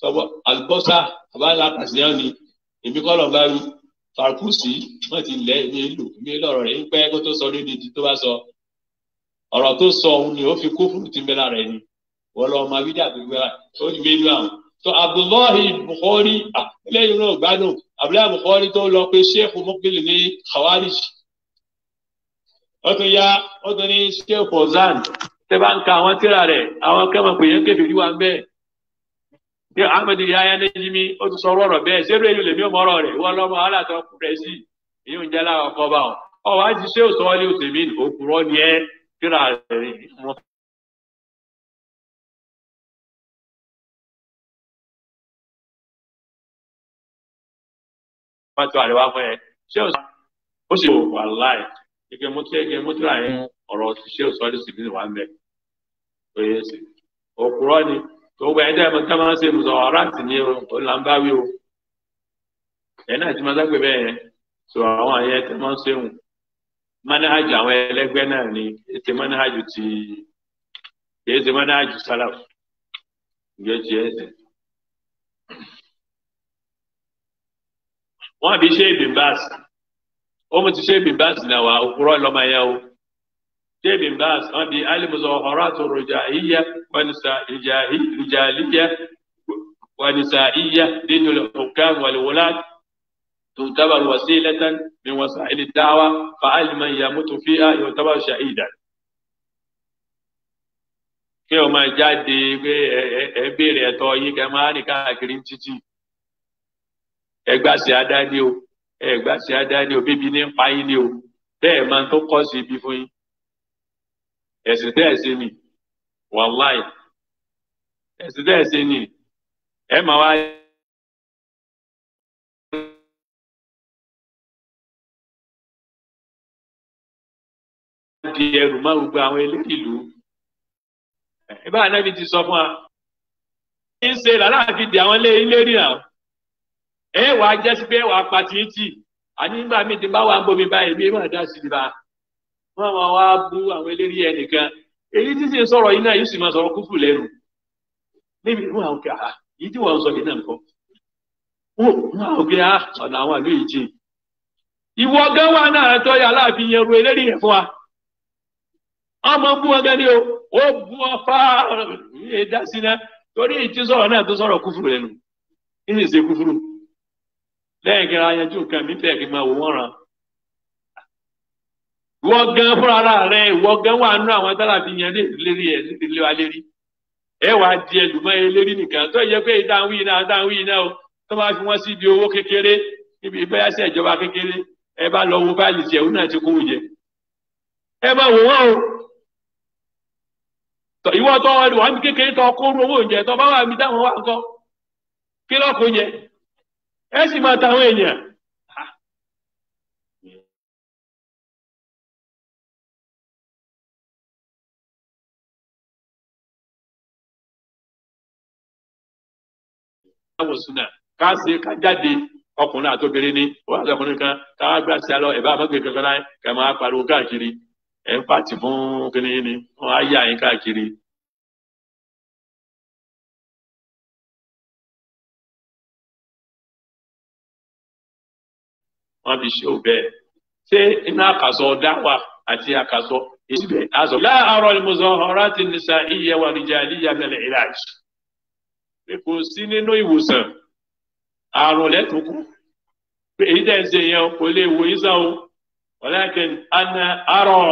sọwọ àlùbọ́sà àbálàtà sí ọ ni èmi kọ́ lọ́ọ́ bá wí fàkùsì wọ́n ti lẹ́ èmi lò mí lọ́rọ̀ rẹ̀ ń pẹ́ kó tó sọ lóde tí tó bá sọ ọ̀rọ̀ tó sọ òun ni ó fi kó fún ti mẹ́la rẹ̀ ni wọ́n lọ́ọ́ máa bídà tó gbẹ́ra ó ti gbé inú àwọn. tó Abdullahi Bukhari lẹ́yìn náà gbádùn Abdullahi Bukhari tó lọ pé sheikh mokbili ní khawarij ó tún ya ó tún ní sheikh Fawzan tẹ́ bá ń ka àwọn tíra rẹ̀ àwọn kẹ́mọ̀ pè é kéfèé wá bẹ́ẹ̀ ní ahmed yahya nejimi o ti sọ ọ̀rọ̀ bẹ́ẹ̀ sẹrú èyí lèmi ọmọ ọ̀rọ̀ rẹ̀ wọn lọmọ aláàtọ kúrẹ sí èyí ń jẹlá ọkọ bá ọ ọ wá ti ṣé òsọ wọlé òtèmí òkúrọ ni ẹ gbogbo ẹni tẹ́ ẹ mọ ṣe mùsọ̀ ọ̀rá tì ní o ó là ń bá wí o ẹ̀yin náà ti máa dágbé bẹ́ẹ̀ yẹn sọ àwọn àyẹn tẹ́ máa ń ṣéhùn àwọn náà ni ètè ti èyí ti sálà ìjọ ti àbí báàsì ó mú ti báàsì náà wà o. شيخ بن باز بالمظاهرات الرجائية والرجالية ونسائية دين الحكام والولاة تعتبر وسيلة من وسائل الدعوة فأل من يموت فيها يعتبر شهيدا kí ọmọ jáde pé ẹ béèrè ẹ̀tọ́ yín kẹ máa rìn káàkiri títì ẹgbàsí adáni o ẹgbàsí adáni o bíbi ní pa yín ni o bẹ́ẹ̀ máa tó kọ sí ibi fún yín ẹ̀sìn tẹ́ ẹ̀ ṣe ni wàláì di ẹrù má gbogbo àwọn ti sọ fún wa ń ṣe fi di ẹ wàá jẹ́ sí pé wàá pa tìǹtì àní nígbà míì ti bá wà ń bomi wọ́n máa wá bú àwọn eléré ẹnìkan èyí tí sì ń sọ̀rọ̀ yìí náà yóò sì máa sọ̀rọ̀ kúfù lẹ́nu níbi ìlú àwọn òkè ah, àhà yìí tí wọ́n sọ yìí náà ń kọ́ wọ́n ah, àwọn òkè àhà sọ̀dọ̀ àwọn àlú ìjì ìwọ gan wà náà tọ́ láàfin yẹn ru eléré yẹn fún wa ọmọ bú wọn ni o ó bú ọ fá ẹ̀dá sí náà torí èyí tí sọ̀rọ̀ náà tó sọ̀rọ̀ kúfù lẹ́nu kúfù lẹ́yìn kí wọ́n gan fúnra rẹ̀ wọ́n gan wà nú àwọn tára fi yan lérí ẹ̀ nídìí lé wa lérí ẹ di ẹlùmọ́ elérí nìkan tó yẹ pé ìdáhùn yìí náà ìdáhùn yìí náà tó máa fi wọ́n síbi owó kékeré níbi ìbáyàsẹ̀ ìjọba kékeré ẹ bá lọ wo báyìí jẹ òun náà ti jẹ ẹ bá wò wọ́n o ìwọ tó wà ní kékeré tó kó owó oúnjẹ tó bá wà mí wà ń kọ kí ẹ wòsùnà ká ṣe ká jáde ọkùnrin àti obìnrin ni wọ́n àti ọkùnrin kan káwá gbà sí alọ ẹ̀bá àmọ́gbé kankan láyé kẹ́ máa pariwo káàkiri ẹ̀ ń pàtì fún kíní ni wọ́n á yà yín káàkiri. wọ́n fi ṣe ṣé iná àkàsọ àti àkàsọ ọ̀rá ti mẹ́lẹ̀ ìlàjì. pé kò sí nínú ìwòsàn àrùn lẹ́tùnkù pé èyí dẹ̀ ń ṣe yẹn kò lè wò yín sáwọn walakin ana arọ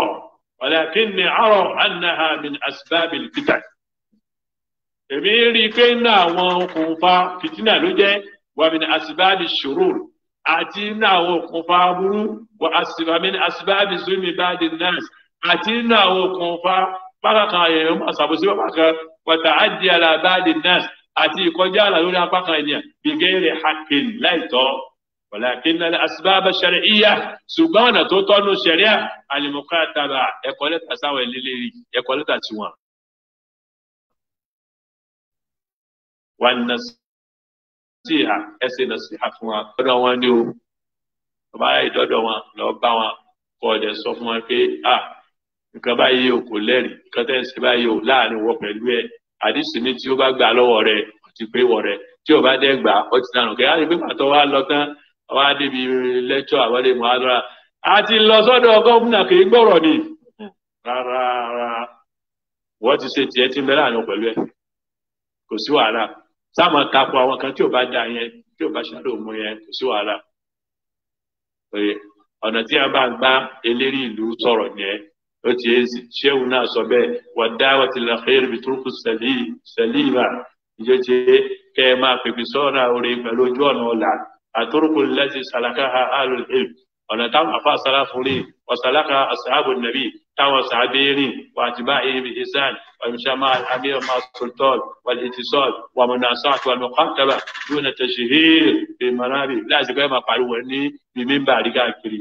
walakin ni arọ anaha min asbabil fitan èmi rí i pé nínú àwọn okùnfà fìtínà ló jẹ́ wà min asbabil shurur àti nínú àwọn okùnfà aburú wà min asbabil zulmi ba'di nas àti nínú àwọn okùnfà bákan kan àyẹ̀yẹ̀ mọ́ àṣàbòsí bàbá kan wà tàá di alábàdì nas àti ìkọjá àlà lórí apá kan ènìyàn gbègé rẹ̀ hakin láìtọ́ walakin al asbab al shar'iyya ṣùgbọ́n ọ̀nà tó tọ́nu ṣẹ̀ríà al-muqataba ẹ̀kọ́ lẹ́tà sáwọn ẹlẹ́lẹ́rì ẹ̀kọ́ lẹ́tà tiwọn. wan nasiha ẹsẹ̀ nasiha fún wa ọ̀dọ̀ wọn ni o ọba ìdọ́dọ̀ wọn lọ bá wọn kọ́ ọ̀dẹ̀ sọ fún wọn pé nǹkan báyìí o kò lẹ́rìí nǹkan tẹ́ àdìsí ni tí ó bá gbà lọ́wọ́ rẹ̀ ó ti pé wọ̀ rẹ̀ tí ó bá dẹ́ gbà ó ti dànù kẹ́ àti pípa tó wá lọ tán wá débi lẹ́tọ̀ àwọlé muhadara àti lọ sọ́dọ̀ gọ́fúnà kì í gbọ́rọ̀ ni rárá wọ́n ti ṣe tiẹ̀ ti mẹ́rẹ̀ àná pẹ̀lú ẹ̀ kò sí wàhálà sáàmù takò àwọn kan tí ò bá da yẹn tí ò bá ṣàlòmù yẹn kò sí wàhálà ọ̀nà tí a bá gbá eléré ìlú sọ̀rọ̀ yẹn ó ti ṣéwù náà sọ bẹ́ẹ̀ wà dáwà ti lọ xeyìrì bí turku sẹlíìmà ìjọ ti kẹ́ ẹ máa pèpè sọ́ra orí pẹ̀lú ojú ọ̀nà ọ̀la àtúrùkù lẹ́sìn sàlàkà ha alul ilm ọ̀nà táwọn afa sàlàfù rí wàsàlàkà asàbù nàbí táwọn sàbẹ̀rì wà àtìbá ibi isan wàmísàmà amir ma sultan wàlìtìsọ́l wàmùnàṣà àtúwàmùkọ́ntàbà lónà tẹ̀síhìr bìmọ̀nàbì láti gbẹ́ máa pariwo ní mímí bàrí káàkiri.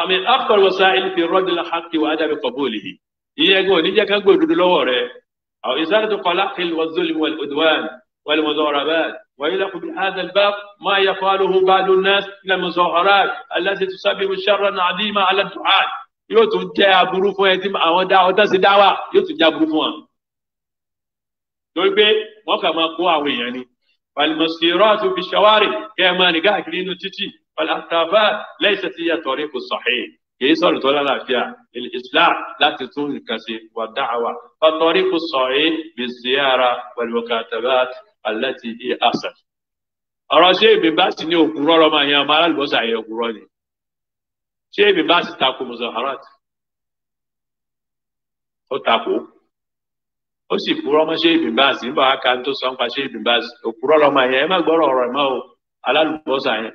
àmì akọ̀rọ̀ sáyẹn fi rọ́ọ̀dì làhàkì wà á dàbí kọ̀bóòlì yìí ìyẹn gan oníjẹ́ ká gbé òdodo lọ́wọ́ rẹ̀ àwọn ìsáré tó kọ́lá kí wọ́n zoli wọ́n odwan wọ́n mọ̀ zọ́ọ̀rọ̀ bẹ́ẹ̀ wọ́n yẹ kó bí hadal bá máa yẹ kó alóhùn bá ló ná ilẹ̀ mọ̀ zọ́ọ̀rọ̀ aláṣẹ tó sábẹ́ mu sẹ́rọ̀ náà àdí máa alẹ́ dùn yóò tún jẹ́ aburú fún ẹ tí àwọn dá ọdá sí dáwà yóò tún jẹ́ aburú fún wọn. torí pé kà máa kó àwọn èèyàn ni wàlùmọ̀sí rọ́ọ̀tù fi ṣàwárì kẹ́ ẹ máa nìgá al-aftafat laysa hiya tariqu sahih kìí sọ̀rọ̀ tó lálàáfíà islam láti tún nǹkan ṣe wà da'wa fa-tariqu sahih bi-ziyara wal-mukatabat allati hiya ahsan. ọ̀rọ̀ ṣé èmi bá sì ní òkúrọ́ ọmọ yẹn ọmọ alábòsà yẹn òkúrọ́ ni ṣé èmi bá sì takò muzaharat ó takò ó sì kúrọ́ ọmọ ṣé èmi bá sì ń bá a kan tó sọ ń pa ṣé èmi bá sì òkúrọ́ ọmọ yẹn ẹ má gbọ́rọ̀ ọ̀rọ̀ ẹ̀ má o alábòsà yẹn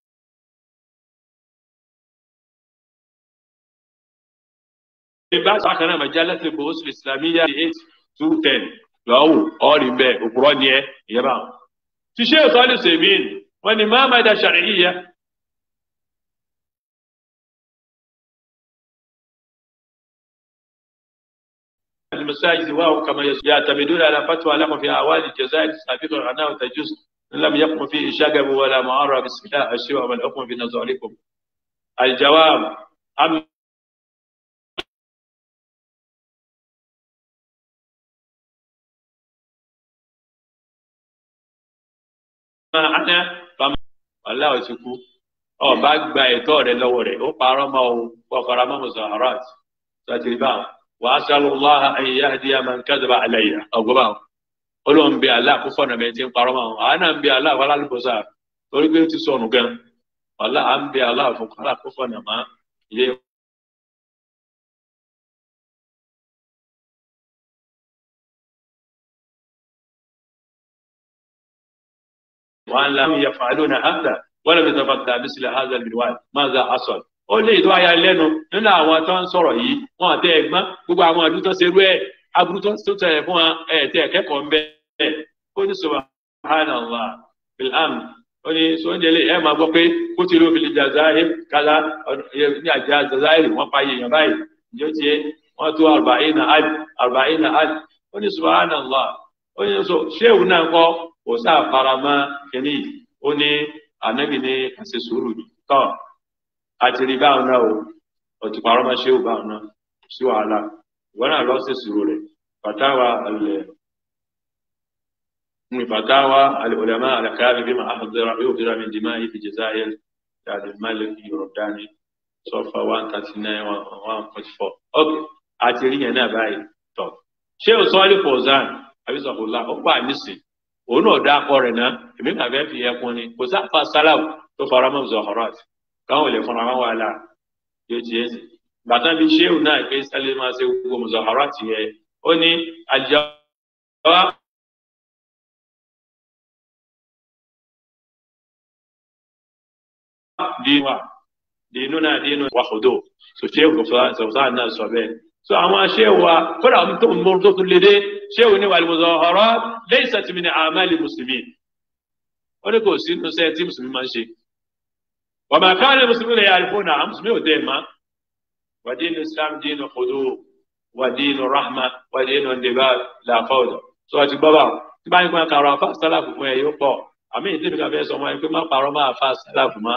bá sọ àkànnà màjálẹ̀ ti bò oṣù islamiyya eight two ten lọ́wọ́ ọ̀rì bẹ́ẹ̀ òkúrọ́ ni ẹ ìyẹ́bà. ti ṣe المساجد واو كما يعتمدون على فتوى لهم في اعوان الجزائر السابقه عنها تجوز ان لم يقم فيه شغب ولا معاره بسم الله الشيء وما الحكم بنزع الجواب اما àná bàmà wàhálà òtúkú ọba gba ẹ̀tọ́ rẹ lọ́wọ́ rẹ ó parọ́ mọ́ ohun kọkọrọ mọ́ musaharat sọtìrì báwọn wàá sálùláha ayé àdìyà máa ń àlàyé ọgbọ́n olóhùn bíi àlà kó fọ̀nà bẹ́ẹ̀ ti ń parọ́ mọ́ وأن لم يفعلون هذا ولم يتفتى مثل هذا المنوال ماذا حصل ó lè tó aya lẹ́nu nínú àwọn tó ń sọ̀rọ̀ yìí wọn àti ẹ̀gbọ́n gbogbo àwọn àdúgbò tó ṣerú ẹ̀ aburú tó ṣẹlẹ̀ fún wa ẹ̀ tẹ̀ ń bẹ́ ó ní subhanallah bilham ó ní sọ́njẹ́lẹ̀ ẹ̀ máa gbọ́ pé kó ti ló fi lè jazair kala ní àjà jazair wọ́n pa yèèyàn báyìí ìjọ ti wọ́n tó arba'ina alf arba'ina alf ó ní subhanallah ó ní sọ kò sáà faramọ́ kínní ó ní ànábì ní àṣẹ sùúrù tọ́ àti rí báwọn náà o ọ̀tún parọ́ máa ṣe ò báwọn náà sí wàhálà ìwọ náà lọ sí sùúrù rẹ̀ fatawa alẹ́ fatawa alẹ́wọ̀lẹ́mọ́ alẹ́kàábí bí màá fọ́dọ́ra yóò fi ra mi dìímá yìí fi jẹ́ sáyẹ́ yàrá mẹ́lẹ́ yorùbá ní sọ́fà one thirty nine one one forty four ok àti rí yẹn náà báyìí tọ́ ṣé o sọ́ọ́lì fọ̀zán àbí sọ̀kùnlá ó gbà nísìnyí òun náà dá akọ rẹ̀ náà èmi kàn fẹ́ fi ẹkùn ni kò sáfà sálàwù tó fara mọ́ zọ̀họ́rọ́t káwọn ò lè fúnra wọn wà láà yóò ti yé si bàtà bíi ṣéwù náà pé sálẹ̀ máa ṣe gbogbo zọ̀họ́rọ́t yẹ ó ní àjọ wa. dinu wa dinu náà dinu wa kodo kò sọ náà sọ bẹ́ẹ̀ so àwọn aṣẹ́wò wa kódà àwọn tó ń mú tó tún léde ṣéwò ní wàlúwọ̀sọ ọ̀rọ̀ lẹ́yìn sẹ́tìmí ni àmàlì mùsùlùmí ó ní kò sí nùsẹ́ tí mùsùlùmí máa ń ṣe wàmà káàlì mùsùlùmí lè yàrá fún náà mùsùlùmí ò dé ma wàdí inú islam dí inú kudu wàdí inú rahma wàdí inú ndébà làfọ́ọ̀dọ̀ so àti gbọ́bà tí bá ń gbọ́n kàrọ afá sálàfù fún ẹ yóò pọ̀ àmì ìdíbi kàfẹ́ sọ wọn pé má parọ́ má afá sálàfù má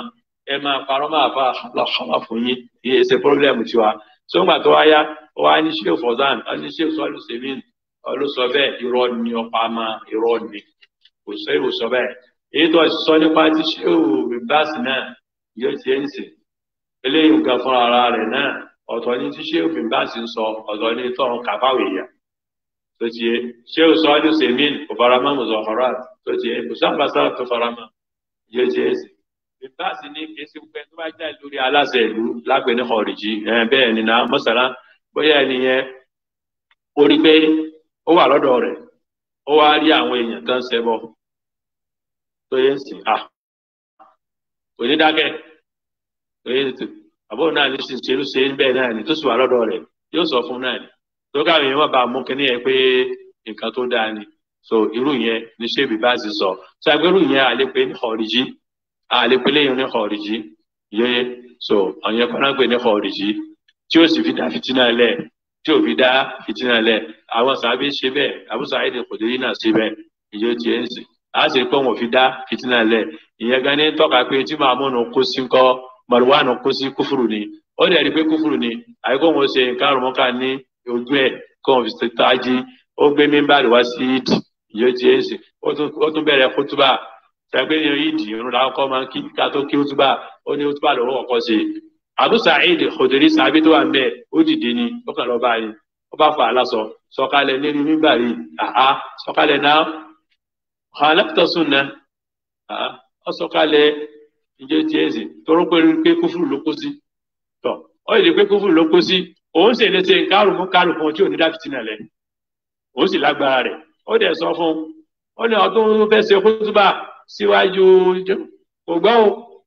ẹ má parọ́ má afá lọ́kọ́ má fún yín yìí ṣe pọ́blẹ́mù tiwa so ń gbà tó wáyá ó wá ní sheikh fọzán ó ní sheikh sọlù sèmín ọlọsọ bẹ́ẹ̀ irọ́ ni ọpa ma irọ́ ni kò sọ èrò sọ bẹ́ẹ̀ èyí tó sọ nípa ti sheikh bíbáàsì náà yóò ti ẹ̀ ń sìn eléyìí nǹkan fún ara rẹ̀ náà ọ̀tọ̀ ni ti sheikh bíbáàsì ń sọ ọ̀tọ̀ ni tọ̀hún kàfáwé yẹn tó ti yẹ sheikh sọlù sèmín kò faramọ́ mùsọ̀fọ́rọ́ tó ti yẹ kò tó faramọ́ yóò ti ẹ̀ sìn bíbáàsì ní kí ẹ tó bá jáde lórí aláṣẹ ìlú lágbẹ̀ẹ́ ní ọ̀rìjì bẹ́ẹ̀ ni náà mọ́sálá bóyá ẹnìyẹn ó rí pé ó wà lọ́dọ̀ rẹ̀ ó wá rí àwọn èèyàn kan ṣẹbọ tó yẹ ń sìn à kò ní dákẹ́ kò yẹ náà ní sì ṣerú ṣe tó sì wà lọ́dọ̀ rẹ̀ yóò sọ fún náà ni tó káwọn mú yẹn pé nǹkan so irú yẹn ní ṣébi bá ti sọ so yẹn àlepé ní àlepé lẹ́yìn ní yẹ so àwọn yẹn gbé ní tí ó sì fi dá fìtínà lẹ̀ tí ò fi dá fìtínà lẹ̀ àwọn sàbí ṣe bẹ́ẹ̀ àbúṣà ayé kò dé yínà ṣe ìjọ ń sìn á sì pé wọn fi dá fìtínà lẹ̀ ìyẹn gan ni tọka pé tí màmúnù kó sí kọ́ sí kúfùrù ni ó dẹ̀ rí ni àyíkó wọn ṣe nǹkan àrùmọ́ká ní ojú ẹ̀ kó wọn fi ṣe tájí ó gbé mímbàlì wá sí ìjọ ń sìn ó tún bẹ̀rẹ̀ kútúbà Abu Sa'id Khudri sàbí tó wà ń bẹ ó dìde ni ó kàn lọ báyìí ó bá fa aláṣọ sọ̀kalẹ̀ nínú nígbà rí àá sọ̀kalẹ̀ náà khalaqta sunnah àá ó sọ̀kalẹ̀ ìjẹ tiẹ̀ sì tọrọ pé pé kúfùrù ló kó sí tọ ó yẹ pé kúfùrù ló kó sí òun sì lè ṣe nkárù fún kárù fún ọtí òní lẹ òun sì lágbára rẹ̀ ó dẹ̀ sọ fún ó ní ọdún fẹsẹ̀ kútúbà síwájú kò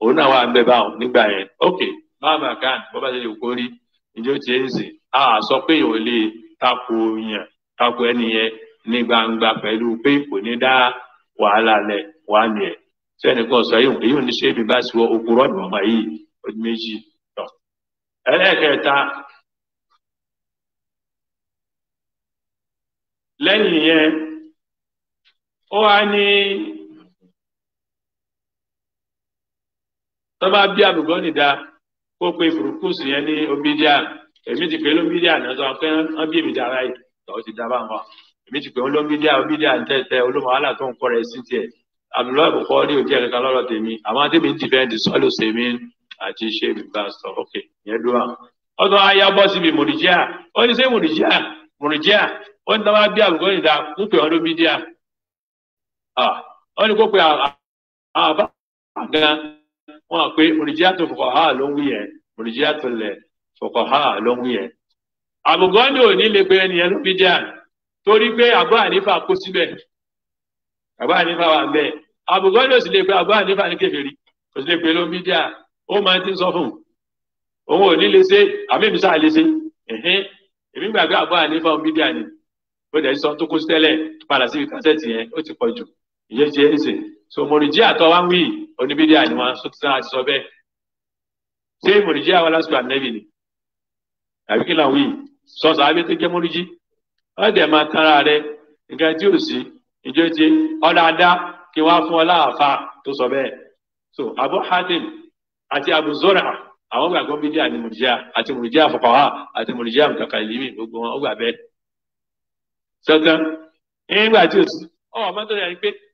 òun náà wà ń bẹ báwọn nígbà yẹn ok máàmá kan bó bá ṣe lè kórí ìjọ tí ń sìn á sọ pé ò lè tako yàn tako ẹni yẹn ní gbangba pẹ̀lú pé kò ní dá wàhálà lẹ̀ wà ní ẹ̀ tí ẹnìkan sọ yìí èyí ò ní ṣe é bí bá ṣe òkúrọ̀ ìmọ̀ọ́mà yìí ọdún méjì tọ̀ ẹlẹ́ẹ̀kẹta lẹ́yìn yẹn ó wá ní. tọ́ba bí àlùbọ́nì da kó pe burúkúsù yẹn ní omidia èmi ti pè é lómidia náà sọ pé wọ́n bí èmi dára yìí tọ́ ti dábàá wọn èmi ti pè é lómidia omidia ń tẹ́tẹ́ olómọ wàhálà tó ń kọ́ rẹ̀ sí tiẹ̀ àlùlọ́ ìbùkọ́ ní òjì ẹ̀ka lọ́rọ̀ tèmi àmọ́ tèmi ti fẹ́ẹ́ di sọ́lù sèmi àti ṣé mi bá sọ ok yẹn dúró àwọn. ayé ọbọ̀ síbi mùrìjíà ó ní wọn pé mùrìjíàtò fòkànhà ló ń wí yẹn mùrìjíàtò lẹ̀ fòkànhà ló ń wí yẹn. àbùgọ́ndì ò ní lè pe ẹnìyẹn ló fi jà torí pé àbú ànífà kó síbẹ̀ àbú ànífà wà ń bẹ̀ àbùgọ́ndì ò sì lè pe àbú ànífà ní kèfèrí kò sì lè pe ló ń fi jà ó máa ti ń sọ fún un òun ò ní lè ṣe àmì mi sáà lè ṣe èmi gbàgbé àbú ànífà ń bí díà ni ó dẹ̀ sọ tó kó sí tẹ́lẹ̀ padà síbi kásẹ̀tì yẹn ó ti pọ̀ jù ìyẹn ti ẹ́ so mòrìjì àtọ wá ń wí oníbídí àníwá sọtítàn àti sọ bẹ́ẹ̀ ṣé mòrìjì àwọn lásìkò ànẹbì ni àbí kí làwọn yìí sọsọ àbí tó jẹ mòrìjì wọn dẹ máa tara rẹ nǹkan tí ò sí ìjọ ti ọdáadá kí wọn á fún ọ láàfa tó sọ bẹ́ẹ̀ so Abu Hatim àti Abu Zura àwọn gbàgbọ́ bídí àní mòrìjì àti mòrìjì àfọkànwá àti mòrìjì àmùtàkàlìmí gbogbo wọn ó gbà bẹ́ẹ̀ sọtán nígbà tí ò sí ọ ọmọ tó yẹ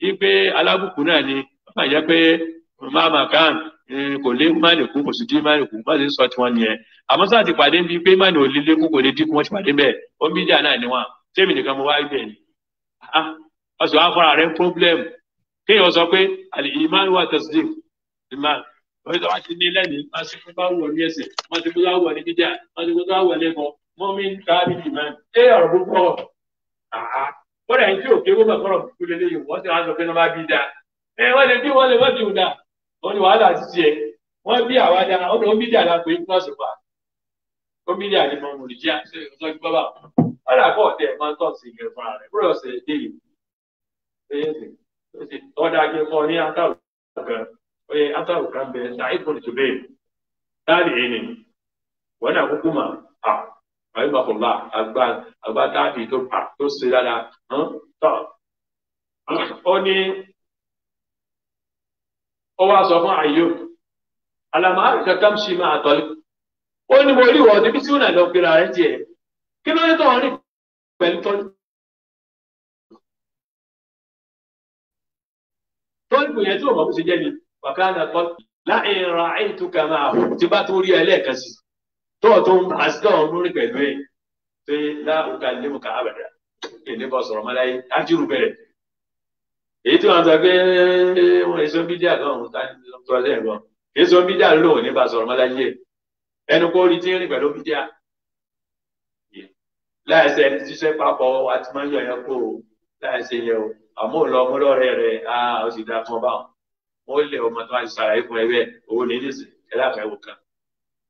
wípé alábùkù náà ni wọ́n fà jẹ́ pé mama kan kò lé mánì kú kò sì dín mánì kú má sì sọ tiwọn nìyẹn àmọ́ sáà ti pàdé bíi pé mánì ò lílé kú kò lè dín kú wọ́n ti pàdé bẹ́ẹ̀ ó ń bí díà náà níwọ̀n tèmi nìkan mo wá ibẹ̀ ni ọ̀sùn ah, afọ́ra rẹ̀ ń pọ́blẹ́mù kéèyàn sọ pé àlè ìmánu wà tasdiq ìmánu ọ̀rẹ́dọ̀ wá ti ní lẹ́nu máa ti fún bá wọ̀ ní ẹsẹ̀ máa fún bá wọ̀ jíjà máa ti fún bá wọ̀ lẹ́kọ̀ọ́ mọ́mí ń ká ṣé ọ̀rọ̀ púpọ̀ ah, ah wọ́n rẹ̀ ń tí òkè wọ́n kọ́rọ̀ kúkú lélẹ́yìn wọ́n ti wá sọ pé ní wọ́n bá bí da ẹ wọ́n lè bí wọ́n lè mọ́tò da wọ́n ní wàhálà títí ẹ wọ́n bí àwa da wọ́n ní wọ́n bí da la pé nígbà sọ̀fà wọ́n bí da ni mo mọ̀ nìjíríà sọ gbọ́ bá wọ́n rà kọ́ ọ̀tẹ̀ máa ń tọ̀ sí ìgbẹ́ fúnra rẹ̀ kúrò ọ̀sẹ̀ dé yìí ọ̀dà àgbẹ̀ fún ọ ní átàrù kan oye átàrù kan bẹ̀ ṣàìfún ìtùbẹ̀ táàlì ẹni wọ́n náà kúkú mà á àyùbáfọlá àgbà àgbà táàbì tó pa tó ṣe dáadáa tán ó ní ó wá sọ fún àyò àlàmáàrì kankan ṣì máa tọ́lé ó ní mo rí ìwọ níbi tí ó nà lọ gbéra rẹ tiẹ̀ kí ló dé tó ń pẹ̀lú tọ́lé. tọ́lùkù yẹn tí ò mọ̀ bó ṣe jẹ́ ni wàkàndà tọ́lù láì ra ètò kàmáà tí bá tó rí ẹ lẹ́ẹ̀kan sí i tóòtún àsìkò àwọn olórí pẹ̀lú ẹ̀ pé láwùká lébù ká àbàdà èdè bọ̀ sọ̀rọ̀ mọ́láyé ájúrù bẹ̀rẹ̀ èyí tí wọ́n sọ pé wọ́n èso bídíà lọ́hùn tá tọ́ lẹ́yìn lọ èso bídíà lóhùn ní bá sọ̀rọ̀ mọ́láyé ẹnu kó rí tí ń rìn pẹ̀lú bídíà láìsẹ̀ ẹni tíṣẹ́ papọ̀ àti máa ń yọ ẹ̀yàn kúrò láìsẹ̀ yẹ o àmọ́ ò lọ ọmọ lọ́rẹ́ rẹ̀ á ó sì dáa fún ọ báwọn wọ́n lé ọmọ tó wá ti sàlàyé fún ẹ bẹ́ẹ̀ owó ní ìdísìn ẹ láàfẹ́ kan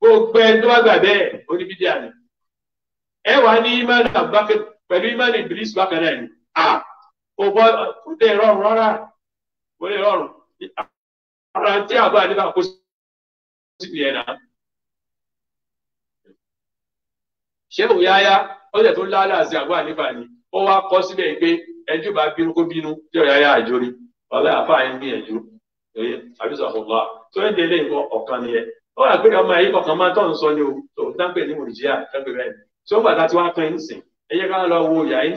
gbogbo ẹni tó bá gbà bẹ́ẹ̀ oníbídíà ni ẹ wà ní imani abubakar pẹ̀lú imani idris bákan a ni à ó bọ́ lè rọrùn rárá ó lè rọrùn ara tí àbá nípa kó sí ìyẹn náà. ṣé ó lè tó lálẹ́ àti ni ó wá kọ́ síbẹ̀ pé ẹjú bá bínú kó bínú tí yá àjò rí gbìyànjú ó wà pé ọmọ yìí kọkàn máa tọ́ sọ ní o tó ń dáńpẹ̀ ní mùrìjíà dáńpẹ̀ bẹ́ẹ̀ tí ó bàtà tí wọ́n á ẹ lọ wo ìyá yín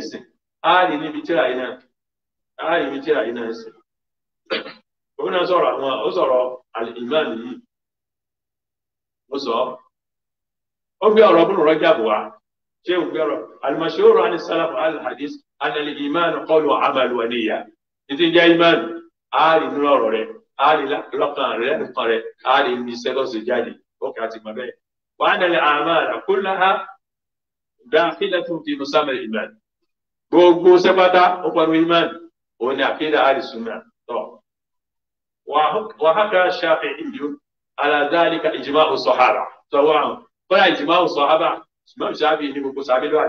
á rí níbi tíra yín náà á rí níbi tíra yín náà sìn. òun náà sọ̀rọ̀ àwọn ó sọ̀rọ̀ ó sọ ó gbé ọ̀rọ̀ bùnú rọ́jà bù wá ṣé ò gbé ọ̀rọ̀ iman á rí lọ́kàn rẹ̀ nìkan rẹ̀ á rí ní sẹ́kọ̀sì jáde ókè àti mọ̀ bẹ́ẹ̀. wàá nàlẹ́ àmàlà kó láha dá kílẹ̀ tó fi musamman ìmàn gbogbo sẹ́pátá ó pẹ̀lú ìmàn òun ni àkídà àrísùnà tọ̀. wàhákà ṣàfẹ́ ìlú aládàlíkà ìjìmá òṣòhàrà tọwọ́ àwọn kọ́lá ìjìmá òṣòhàbà ṣùgbọ́n ṣàfẹ́ ìlú gbogbo ṣàfẹ́ lọ́wọ́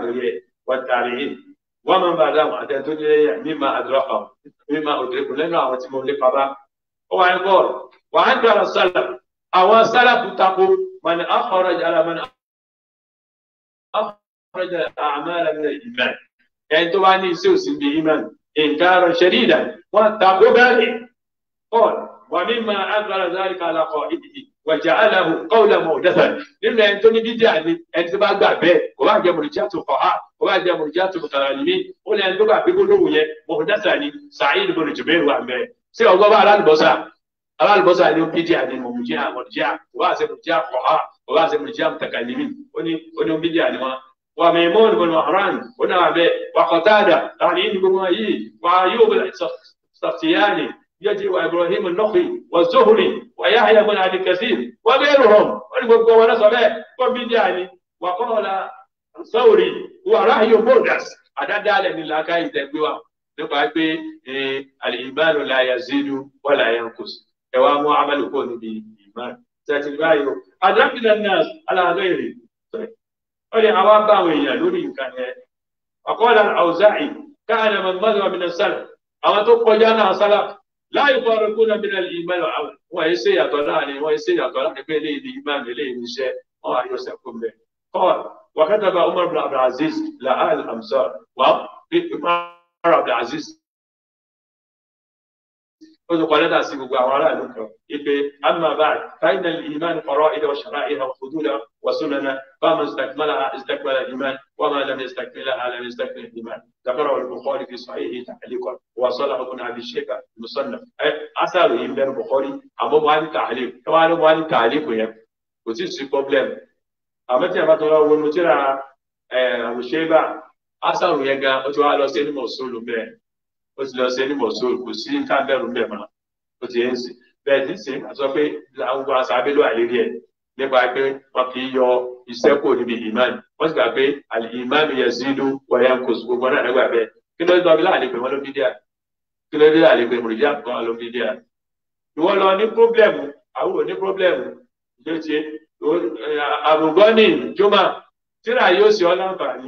wọ́n máa ń bá a dáhùn àtẹ̀tún nílé mímọ́ àdúrà kan mímọ́ òdòdó lẹ́nu àwọn tí mo lépa bá wà ní bọ́ọ̀lù wà á dùn àwọn sálà àwọn sálà kù tako màní àkọ́rọ̀ jàlá màní àkọ́rọ̀ jàlá àmàlà mi náà ìmọ̀ ẹni tó bá ní iṣẹ́ òsì bí ìmọ̀ nǹkan arọ ṣẹlí ìdá wọn tako bẹ́ẹ̀ bọ́ọ̀lù wà mí ma agbára zárì kàlà kọ ìdìdì wàjà aláhùn kọ́ọ̀lù ọmọ òdẹ́sẹ̀ nínú ẹni tó ní bídíà ni ẹni tó bá gbà bẹ́ẹ̀ kò bá jẹ́ mọ̀lùjá tó sí ọgọ́ bá alálùbọ́sà alálùbọ́sà ni ó bídíà ni mo mùjíà mọ̀jíà wọ́n àṣẹ mùjíà kọ̀ọ̀há wọ́n àṣẹ mùjíà mùtàkàlímì ó ní ó ní ó bídíà ni wọ́n wa maimun bin wahran wani abe wa qatada tani ni gbogbo yi wa ayub al-saftiyani yaji wa ibrahim an-nakhi wa zuhri wa yahya bin abi kathir wa ghayruhum wani gbogbo wa nasabe ko bidiani wa qala sauri wa rahyu burdas adadale ni la kai tegbiwa nípa pé al-imanu la yazidu wa la yanqus ẹ wá mú amálù kó níbi ìmánu tẹ̀sí báyìí o adrakna an-nas ala ghayri ó ní àwa bá àwọn èèyàn lórí nǹkan yẹn qala al-Awza'i kana man madha min àwọn tó kọjá náà salaf la yufarriquna min al-iman wọ́n yẹ ṣe yàtọ̀ láàrin wọ́n yẹ ṣe yàtọ̀ láàrin wọ́n á yọ Arab Aziz. وقال لها سيبوا وعلى أما بعد فإن الإيمان فرائد وشرائها وفضولها وسننها فما استكملها استكمل الإيمان وما لم يستكملها لم يستكمل الإيمان ذكره البخاري في صحيح تعليقا وصله ابن أبي الشيكة المصنف أسأل الإيمان البخاري أبو مالي تعليق كما أنا مالي تعليق يا وتيسي بروبليم أما تيما تقول ونوتيرا أبو asaru yẹn gan o ti wá lọ sí ẹni mọ̀sóòlù bẹ́ẹ̀ ó ti lọ sí ẹni mọ̀sóòlù kò sí nǹkan bẹ̀rù bẹ́ẹ̀ mọ́ ó ti yẹn sì bẹ́ẹ̀ ti sìn àtọ́ pé àwọn asábélò àlérí ẹ̀ nípa pé wọ́n fi yọ iṣẹ́ kò níbi ìmáàmù wọ́n sì gbà pé àlè ìmáàmù yẹn zídú wọ̀nyá kò sí gbogbo náà nígbà bẹ́ẹ̀ kí ló dé ọbí láàlẹ́ pé wọ́n ló bí díà kí ló dé láàlẹ́ pé mùrìdíà kan ló bí díà ìwọ lọ ní pírọ́blẹ̀mù àwọn ò ní pírọ́blẹ̀mù ló ti àbùgọ́nì jọmọ tíra yóò ṣe ọ́ láǹfààní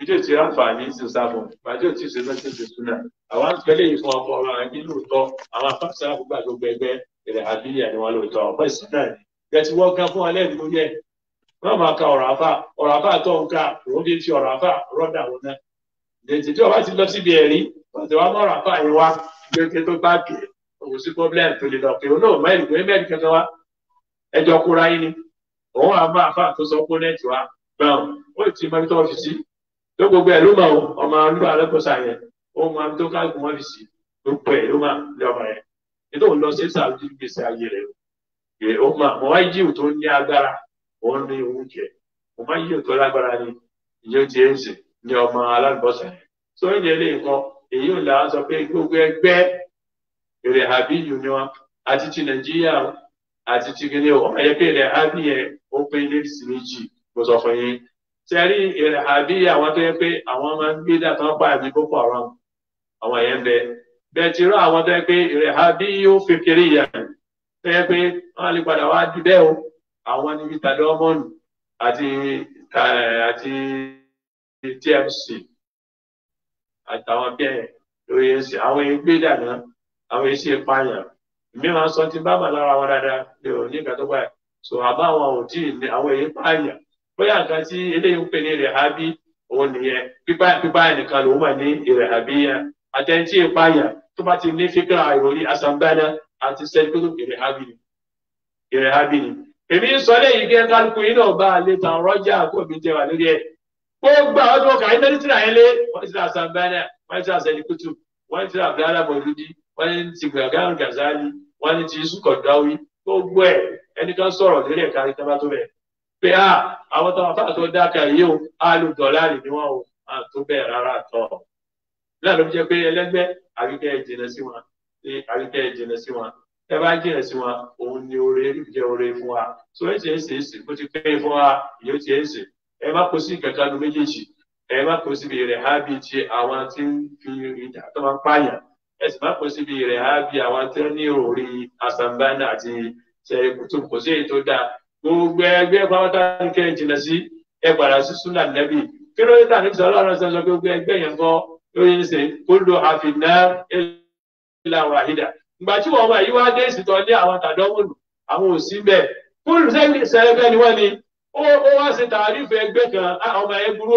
ìdí òtí ráǹfààní sí sábọ ìpàdé òtí ṣe mẹsẹ ṣe súnà àwọn àpẹẹlẹ yìí fún ọmọ ọmọ ẹni lóòótọ́ àwọn afáṣà àbúgbà tó gbẹgbẹ ìrẹ àbílẹ ni wọn lóòótọ́ ọpẹ́ sí náà ni gẹtí wọn gan fún alẹ ìlú yẹ wọn máa ka ọ̀rọ̀ àfà ọ̀rọ̀ àfà tó ń ka òun fi fi ọ̀rọ̀ àfà rọdà wọn náà lẹ́tí tí ọba ti lọ síbi ẹ̀rí ọ̀sẹ̀ wa mọ̀ràn àfà yìí wá gbẹgbẹ tó bá kẹ òun sí problem tó lè lọ pé òun náà tó gbogbo ẹ̀ ló mọ̀ o ọmọ olúwa alákòóso yẹn ó mọ àmì tó kálukú wọn fi sí gbogbo ẹ̀ ló mọ̀ lọ́mọ yẹn ètò òun lọ sí gbèsè ayé ó wáyé tó ní agbára òun ní òun jẹ mọ̀ wáyé jíù tó lágbára ni ti ń sè ní ọmọ yẹn tó ń yẹlé nǹkan èyí ò là sọ pé gbogbo èrè àbí sẹ́rí ìrẹ̀hábí àwọn tó yẹ pé àwọn máa ń gbé dàtọ́ pa àbí púpọ̀ ọ̀rọ̀ àwọn yẹn bẹ bẹ́ẹ̀ ti rọ àwọn tó yẹ pé ìrẹ̀hábí yóò fèkèrè kiri tó yẹ pé wọ́n àwọn níbi tàdé àti eh, àti TMC àtàwọn àwọn gbé dànù àwọn mìíràn sọ ti bá lára wọn dáadáa lè ò ní ìgbà tó bóyá nǹkan tí eléyìí ń pè ní rìhábí òun nìyẹn pípa pípa ẹnìkan lòun wà ní ìrìhábí yẹn àtẹnjí ìpáyà tó bá ti ní fíkà ìròyìn asambana àti sẹgbẹrún ìrìhábí ni ni èmi ń sọ léyìí kí ẹ kálukú yìí náà bá a lè tàn rọjà kó mi jẹ wà lórí ẹ gbogbo àwọn tó kà ayélujára tíra yẹn lé wọn tíra asambana wọn wọn mọlúdi wọn ti gazali wọn ti gbogbo ẹ ẹnìkan sọ̀rọ̀ lórí ẹ tó pé a àwọn tó àfa tó dáka yìí o alùdọ̀láàlì ni wọ́n o à tó bẹ́ẹ̀ rárá tọ̀ náà ló fi jẹ́ pé ẹlẹ́gbẹ́ àríkẹ́ jìnnà sí wọn àríkẹ́ jìnnà sí wọn ẹ bá jìnnà sí wọn òun ni oore jẹ́ oore fún wa so ẹ ti ẹ é sì bó ti pẹ́ fún wa ìyó ti ẹ sì ẹ má kó sí kankan nu méjèèjì ẹ má kó síbi rẹ̀ hábi ti àwọn tí ń fi ìdá tó máa ń pààyàn ẹ sì má kó síbi rẹ̀ hábi àwọn tí ń ní òórí asambana àti ṣe kùtùkùsí èyí tó dáa gbogbo ẹgbẹ́ pátá nìkẹ́ ìjìnlẹ̀ sí ẹ gbàrà sí súnà nẹ́bì kí ló dé tàbí sọ ọlọ́run sọ pé gbogbo ẹgbẹ́ yẹn kọ́ ló yẹ ṣe kó lo àfìnà ìlà wàhídà ìgbà tí wọn wà yí wá dé ìsìtọ́ ní àwọn tàdọ́wọ̀lù àwọn ò sí bẹ́ẹ̀ kúlù sẹ́gbẹ́ ni wọ́n ni ó wá kan ọmọ ẹ burú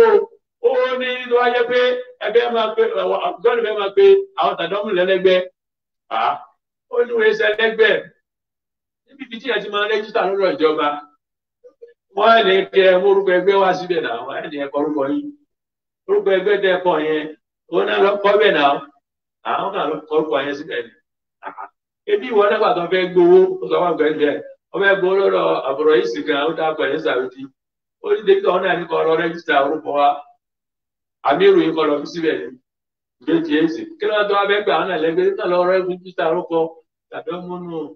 ó ní ló wáyé pé ẹgbẹ́ máa pé gọ́ọ̀lù fẹ́ máa pé àwọn lẹ́lẹ́gbẹ́ níbi tí ẹ ti máa rẹ́jísítà lọ́dọ̀ ìjọba wọ́n á ní kí ẹ mórúkọ wá síbẹ̀ náà wọ́n á ní ẹ̀kọ́ orúkọ yín orúkọ ẹgbẹ́ tẹ kọ yẹn òun náà lọ náà àwọn lọ orúkọ yẹn ebi gbowó gbowó àbúrò yìí sì kan sàrùtì ó ní débi ní lọ orúkọ wa lọ fi kí ló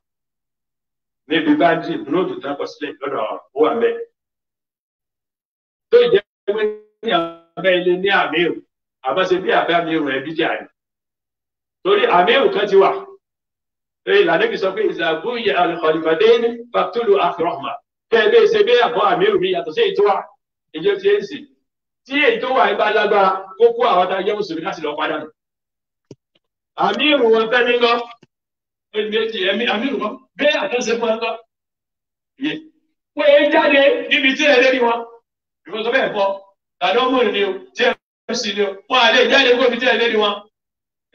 níbi bá dì nóòtù tán kọ sílẹ̀ lọ́dọ̀ ó wà bẹ́ẹ̀. tó ìjẹ́ pé ní abẹ́ ilé ní àmírù àbáṣe bí abẹ́ àmírù ẹ̀ bí jàre. torí àmírù kan ti wà. ìlànà ìbí sọ pé ìzàbúyà àlùkọ̀lùfàdé ní fàtúlù àfìrọ̀mà kẹ́ ẹ bẹ́ẹ̀ ṣe bí àbọ̀ àmírù mi yàtọ̀ sí ètò ìjọ ti ń tí ètò wa ẹ bá lágbára kó àwọn tá a jẹ́ mùsùlùmí láti lọ padà nù. àmírù wọn fẹ́ mi lọ méjì ẹ̀mí jáde níbi tí ẹ̀ lẹ́ni wọn ìfọ̀sọ bẹ́ẹ̀ bọ́ tàdó mú ni o tfc ni o wọn àlẹ́ jáde kó ibi tí ẹ̀ lẹ́ni wọn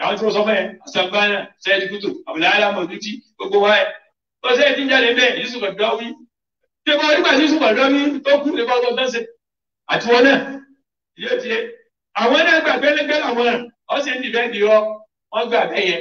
àwọn tí wọ́n sọ fún yẹn asambana sẹ́yìn kùtù àbùlá alámọ̀dútì gbogbo wa yẹ wọ́n sẹ́yìn tí ń jáde bẹ́ẹ̀ yusuf ọ̀dọ́wí tẹ̀wọ́n nígbà tí yusuf ọ̀dọ́wí tó kú lè kọ́ ọgbọ́n tẹ́sẹ̀ àtiwọ́n náà yóò tiẹ̀ àwọn náà gbà bẹ́ẹ̀ làwọn ọ̀sẹ̀ ń dìbẹ́ dìrọ̀ wọ́n gbà bẹ́ẹ̀ yẹn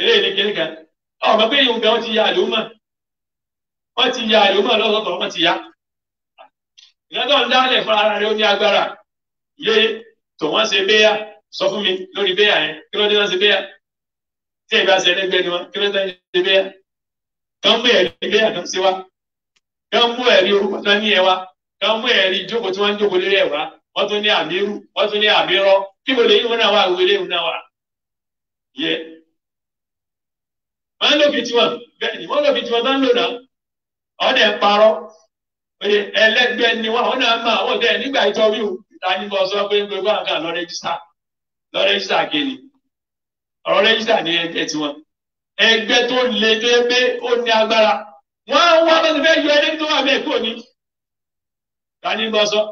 eléyìí ní kíní kan ọmọ pé yóò gbẹ wọn ti ya àlùmọ wọn ti ya àlùmọ lọ́sọ̀tọ̀ wọn ti ya ìyàtọ̀ ń dálẹ̀ fún ara rẹ ó ní agbára yé tó wọn ṣe béyà sọ fún mi lórí béyà yẹn kí ló dé wọn ṣe béyà tí ìgbà ṣe ẹlẹgbẹ́ ni wọn kí ló dé wọn ṣe béyà kàn mú ẹ̀rí béyà kan sí wa kàn mú ẹ̀rí orúkọ tán ní ẹ wa kàn mú ẹ̀rí ìjókòó tí wọn ń jókòó lórí ẹ wa wọn tún ní àmírù wọn tún ní àmírọ kí mo lè yí wọn náà wà wọlé wọn náà wà yé. wọ́n lò fifty one bẹ́ẹ̀ ni wọ́n lò fifty ń lò náà ọ̀nà ẹ̀ parọ́ ni wọ́n ọ̀nà máa nígbà o ìtaní bọ́ sọ pé gbogbo àǹkà lọ rẹ́gísítà lọ rẹ́gísítà kéde ọ̀rọ̀ rẹ́gísítà ní ẹgbẹ́ tiwọn ẹgbẹ́ tó le débé ó ní agbára wọ́n á wá yọ ẹni tó wà kò ní sọ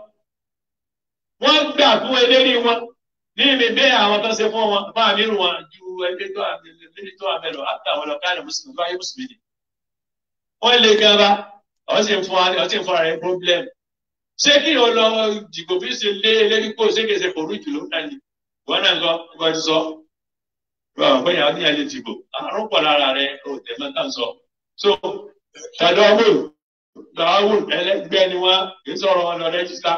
ní ìmì bẹ́ẹ̀ àwọn tó ṣe fún wọn máa mírù wọn ju ẹgbẹ́ tó àbẹ̀lẹ̀ tó àbẹ̀lọ̀ àtàwọn ọ̀kadà mùsùlùmí tó ayé mùsùlùmí ni. wọ́n lè gaba ọtí ń fúnra rẹ̀ problem. ṣé kí o lọ dìbò bí ṣe lé eléyìí kó ṣé kèsè kò rú jù ló dání ìwọ náà gbọ́ ìwọ ti sọ. ìwọ àwọn ọ̀gbẹ́ni àwọn oníyànjú dìbò àrùn pọ̀ lára rẹ̀ ò tẹ̀ mọ́tà sọ. so tàdọ́wò tàdọ́wò ẹlẹ́gbẹ́ ni wọ́n kì í sọ̀rọ̀ wọn lọ rẹ́jísítà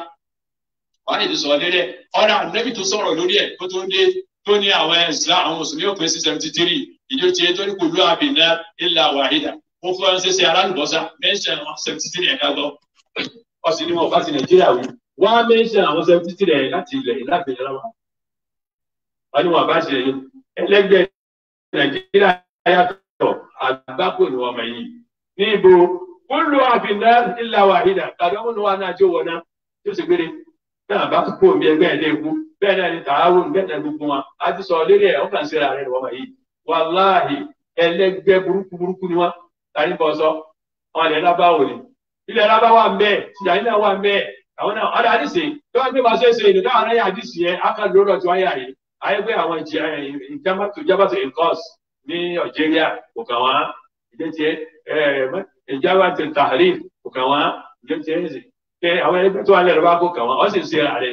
wàhálà ìdí sọ̀rọ̀ lérí ẹ̀ ọ̀rọ̀ ànẹ́bí tó sọ̀rọ̀ lórí ẹ̀ kó tó dé tó ní àwọn ẹ̀sìlá àwọn mùsùlùmí òpin sí seventy three ìjọ tiẹ̀ tó ní kò lú àbìnà ìlà wàhídà ó fún ẹ̀ ń ṣẹṣẹ alálùbọ́sà mẹ́ṣẹ̀ àwọn seventy three ẹ̀ka lọ ọ̀sìn ni mo bá ti nàìjíríà wí wá mẹ́ṣẹ̀ àwọn seventy three ẹ̀ láti ilẹ̀ ìlàbẹ̀rẹ̀ lọ́wọ́ wọn ni wọn bá ṣe nàìjíríà yàtọ̀ na àwọn bá kó omi ẹgbẹ́ ilé ewu bẹ́ẹ̀ náà ni tààwọn bẹ́ẹ̀ náà gbogbo wọn a ti sọ lórí ẹ̀ ọkàn síra rẹ̀ wọ́n yìí wàláhì ẹlẹ́gbẹ́ burúkú burúkú ni wọ́n tani bọ̀ sọ wọn lè lábá wò ni ilẹ̀ lábá wà ń bẹ́ẹ̀ tìjà wà ń bẹ́ẹ̀ àwọn náà ọ̀dà àdìsí aka lóró yìí àwọn ẹgbẹ́ tó wà lẹ́nu wá kó kàn wọ́n ọ́ sì ń ṣe ààrẹ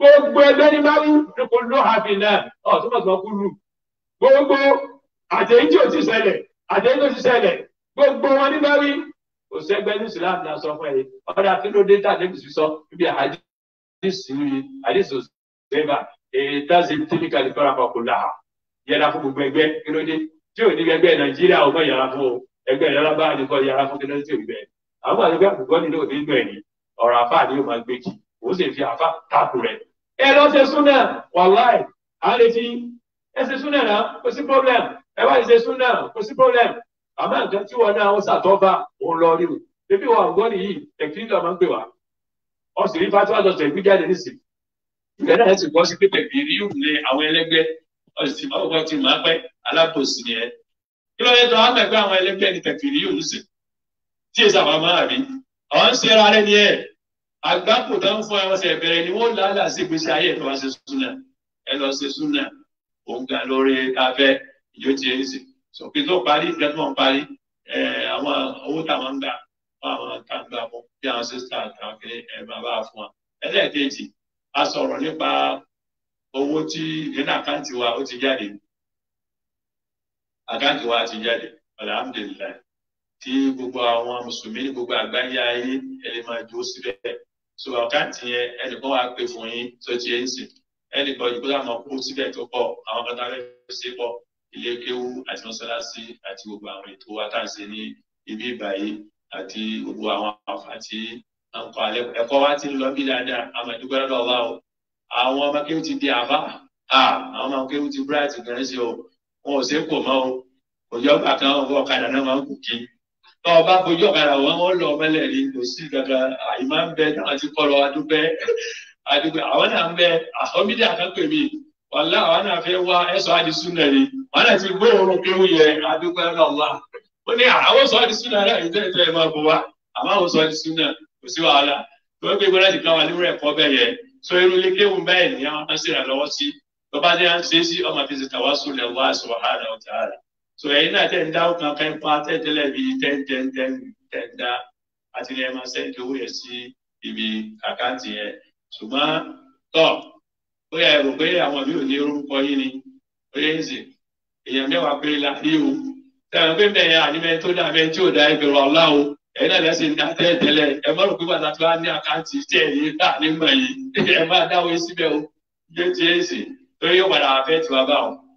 gbogbo ẹgbẹ́ ní máa ń kó ló hafi náà ọ̀ tó mọ̀ tó kú lù gbogbo àtẹ̀yìn tí ò ti ṣẹlẹ̀ àtẹ̀yìn tó ti ṣẹlẹ̀ gbogbo wọn ní máa ń kò sẹ́gbẹ́ ní Islam náà sọ fún ẹ ọ̀dà kí ló dé tàbí kò sì sọ ibi àdìsí àdìsí òṣèlú tàzí tíníkàlì fẹ́ràn kò láha yẹra fún gbogbo ẹgbẹ́ kí ló dé tí ò ní ẹgbẹ́ Nàìjíríà ò mọ̀ yàrá fún o ẹgbẹ́ yàrá bá àdìkọ́ yàrá fún kí ló dé tí ò ní bẹ́ẹ̀ àwọn àdìgbà àkùkọ́ nínú òní gbẹ̀yìn ọ̀rọ̀ àfà ni yóò máa gbé kí òun sì fi àfà takùn rẹ̀ ẹ lọ ṣe súnà wàláì à lè fi ẹ ṣe súnà náà kò sí problem ẹ wá ṣe súnà kò sí àmọ́ nǹkan tí wọn náà ń ṣàtọ́ba òun lọ o wa ọgbọ́n nìyí tẹ̀kíníkà máa ń tó tẹ̀ ìgbẹ́ náà sí pé àwọn ẹlẹ́gbẹ́ máa wọ́n ti máa ni ẹ ọ̀n ṣe ra rẹ̀ ni ẹ̀ àgbákò tó ń fún ẹ ọ̀sẹ̀ bẹ̀rẹ̀ ni wọ́n lálà sí gbèsè ayé ẹ̀ tó wá ṣe súnà ẹ lọ ṣe súnà òǹkà lórí abẹ́ ìjó ti ẹ̀ ṣe sọ̀kè tó parí ìjọ tó ń parí àwọn owó táwọn ń gbà fáwọn táǹgbà mọ́ bí àwọn sísá àtàkùn ẹ̀ máa bá fún wa ẹlẹ́ẹ̀kejì a sọ̀rọ̀ nípa owó tí nínú àkáǹtì wa ó ti jáde àkáǹtì wa ti jáde alhamdulilayi tí gbogbo àwọn mùsùlùmí ní gbogbo àgbáyé ayé ẹ lè máa jó síbẹ̀ so àkáǹtì yẹn ẹnìkan wàá pè fún yín tó ti ẹ̀ ń sìn ẹnìkan yìí kó dà máa kó síbẹ̀ tó pọ̀ àwọn kan tá a pọ̀ ilé kéwú àti mọ́sálásí àti gbogbo àwọn ètò àtàǹṣe ní ibi ìbàyí àti gbogbo àwọn àti àǹkọ alẹ́ ẹ̀kọ́ wa ti ń lọ bí dáadáa àmàdúgbò lọ́dọ̀ ọba o àwọn ọmọ kéwú ti di àbá àwọn ọmọ kéwú ti bright gan-an ṣe o wọn ò ṣe é pò o òjò ọgbà kan ọkọ̀ ọ̀kadà náà máa ń kù kí tọ́ ọ bá fojú ọ̀kadà wọn wọ́n lọ mẹ́lẹ̀ ní kò sí kankan àyìnbá ń bẹ táwọn ti kọ́ lọ adúpẹ́ adúpẹ́ àwọn náà ń bẹ àtọ́mídìí àkànpè mi wàlá àwọn náà fẹ́ wá ẹ̀sọ́ àdìsúnà ni wọn náà ti gbé òórùn pé ó yẹ adúpẹ́ náà wá ó ní àwọn sọ àdìsúnà náà yìí tẹ́lẹ̀ tẹ́lẹ̀ máa bọ̀ wá àmọ́ àwọn sọ àdìsúnà kò sí wàhálà tó ń gbé gbọ́dọ̀ ti káwọn alúrẹ̀ ẹ̀kọ́ bẹ́ẹ̀ yẹ so irú ilé kéwù bẹ́ẹ̀ ni àwọn máa so ẹ̀yin náà tẹ̀ ń dá ọkàn kẹ́ ń pa tẹ́tẹ́lẹ̀ bíi ten ten ten ten dá àti se máa sẹ́ńdì owó yẹn sí ibi àkáǹtì yẹn ṣùgbọ́n tọ́ ó yà ni yẹ ń sè èèyàn mẹ́wàá péré la rí o tẹ̀wọ̀n pé da ànímẹ́ tó ní àtẹ́tẹ́lẹ̀ ẹ yìí ẹ o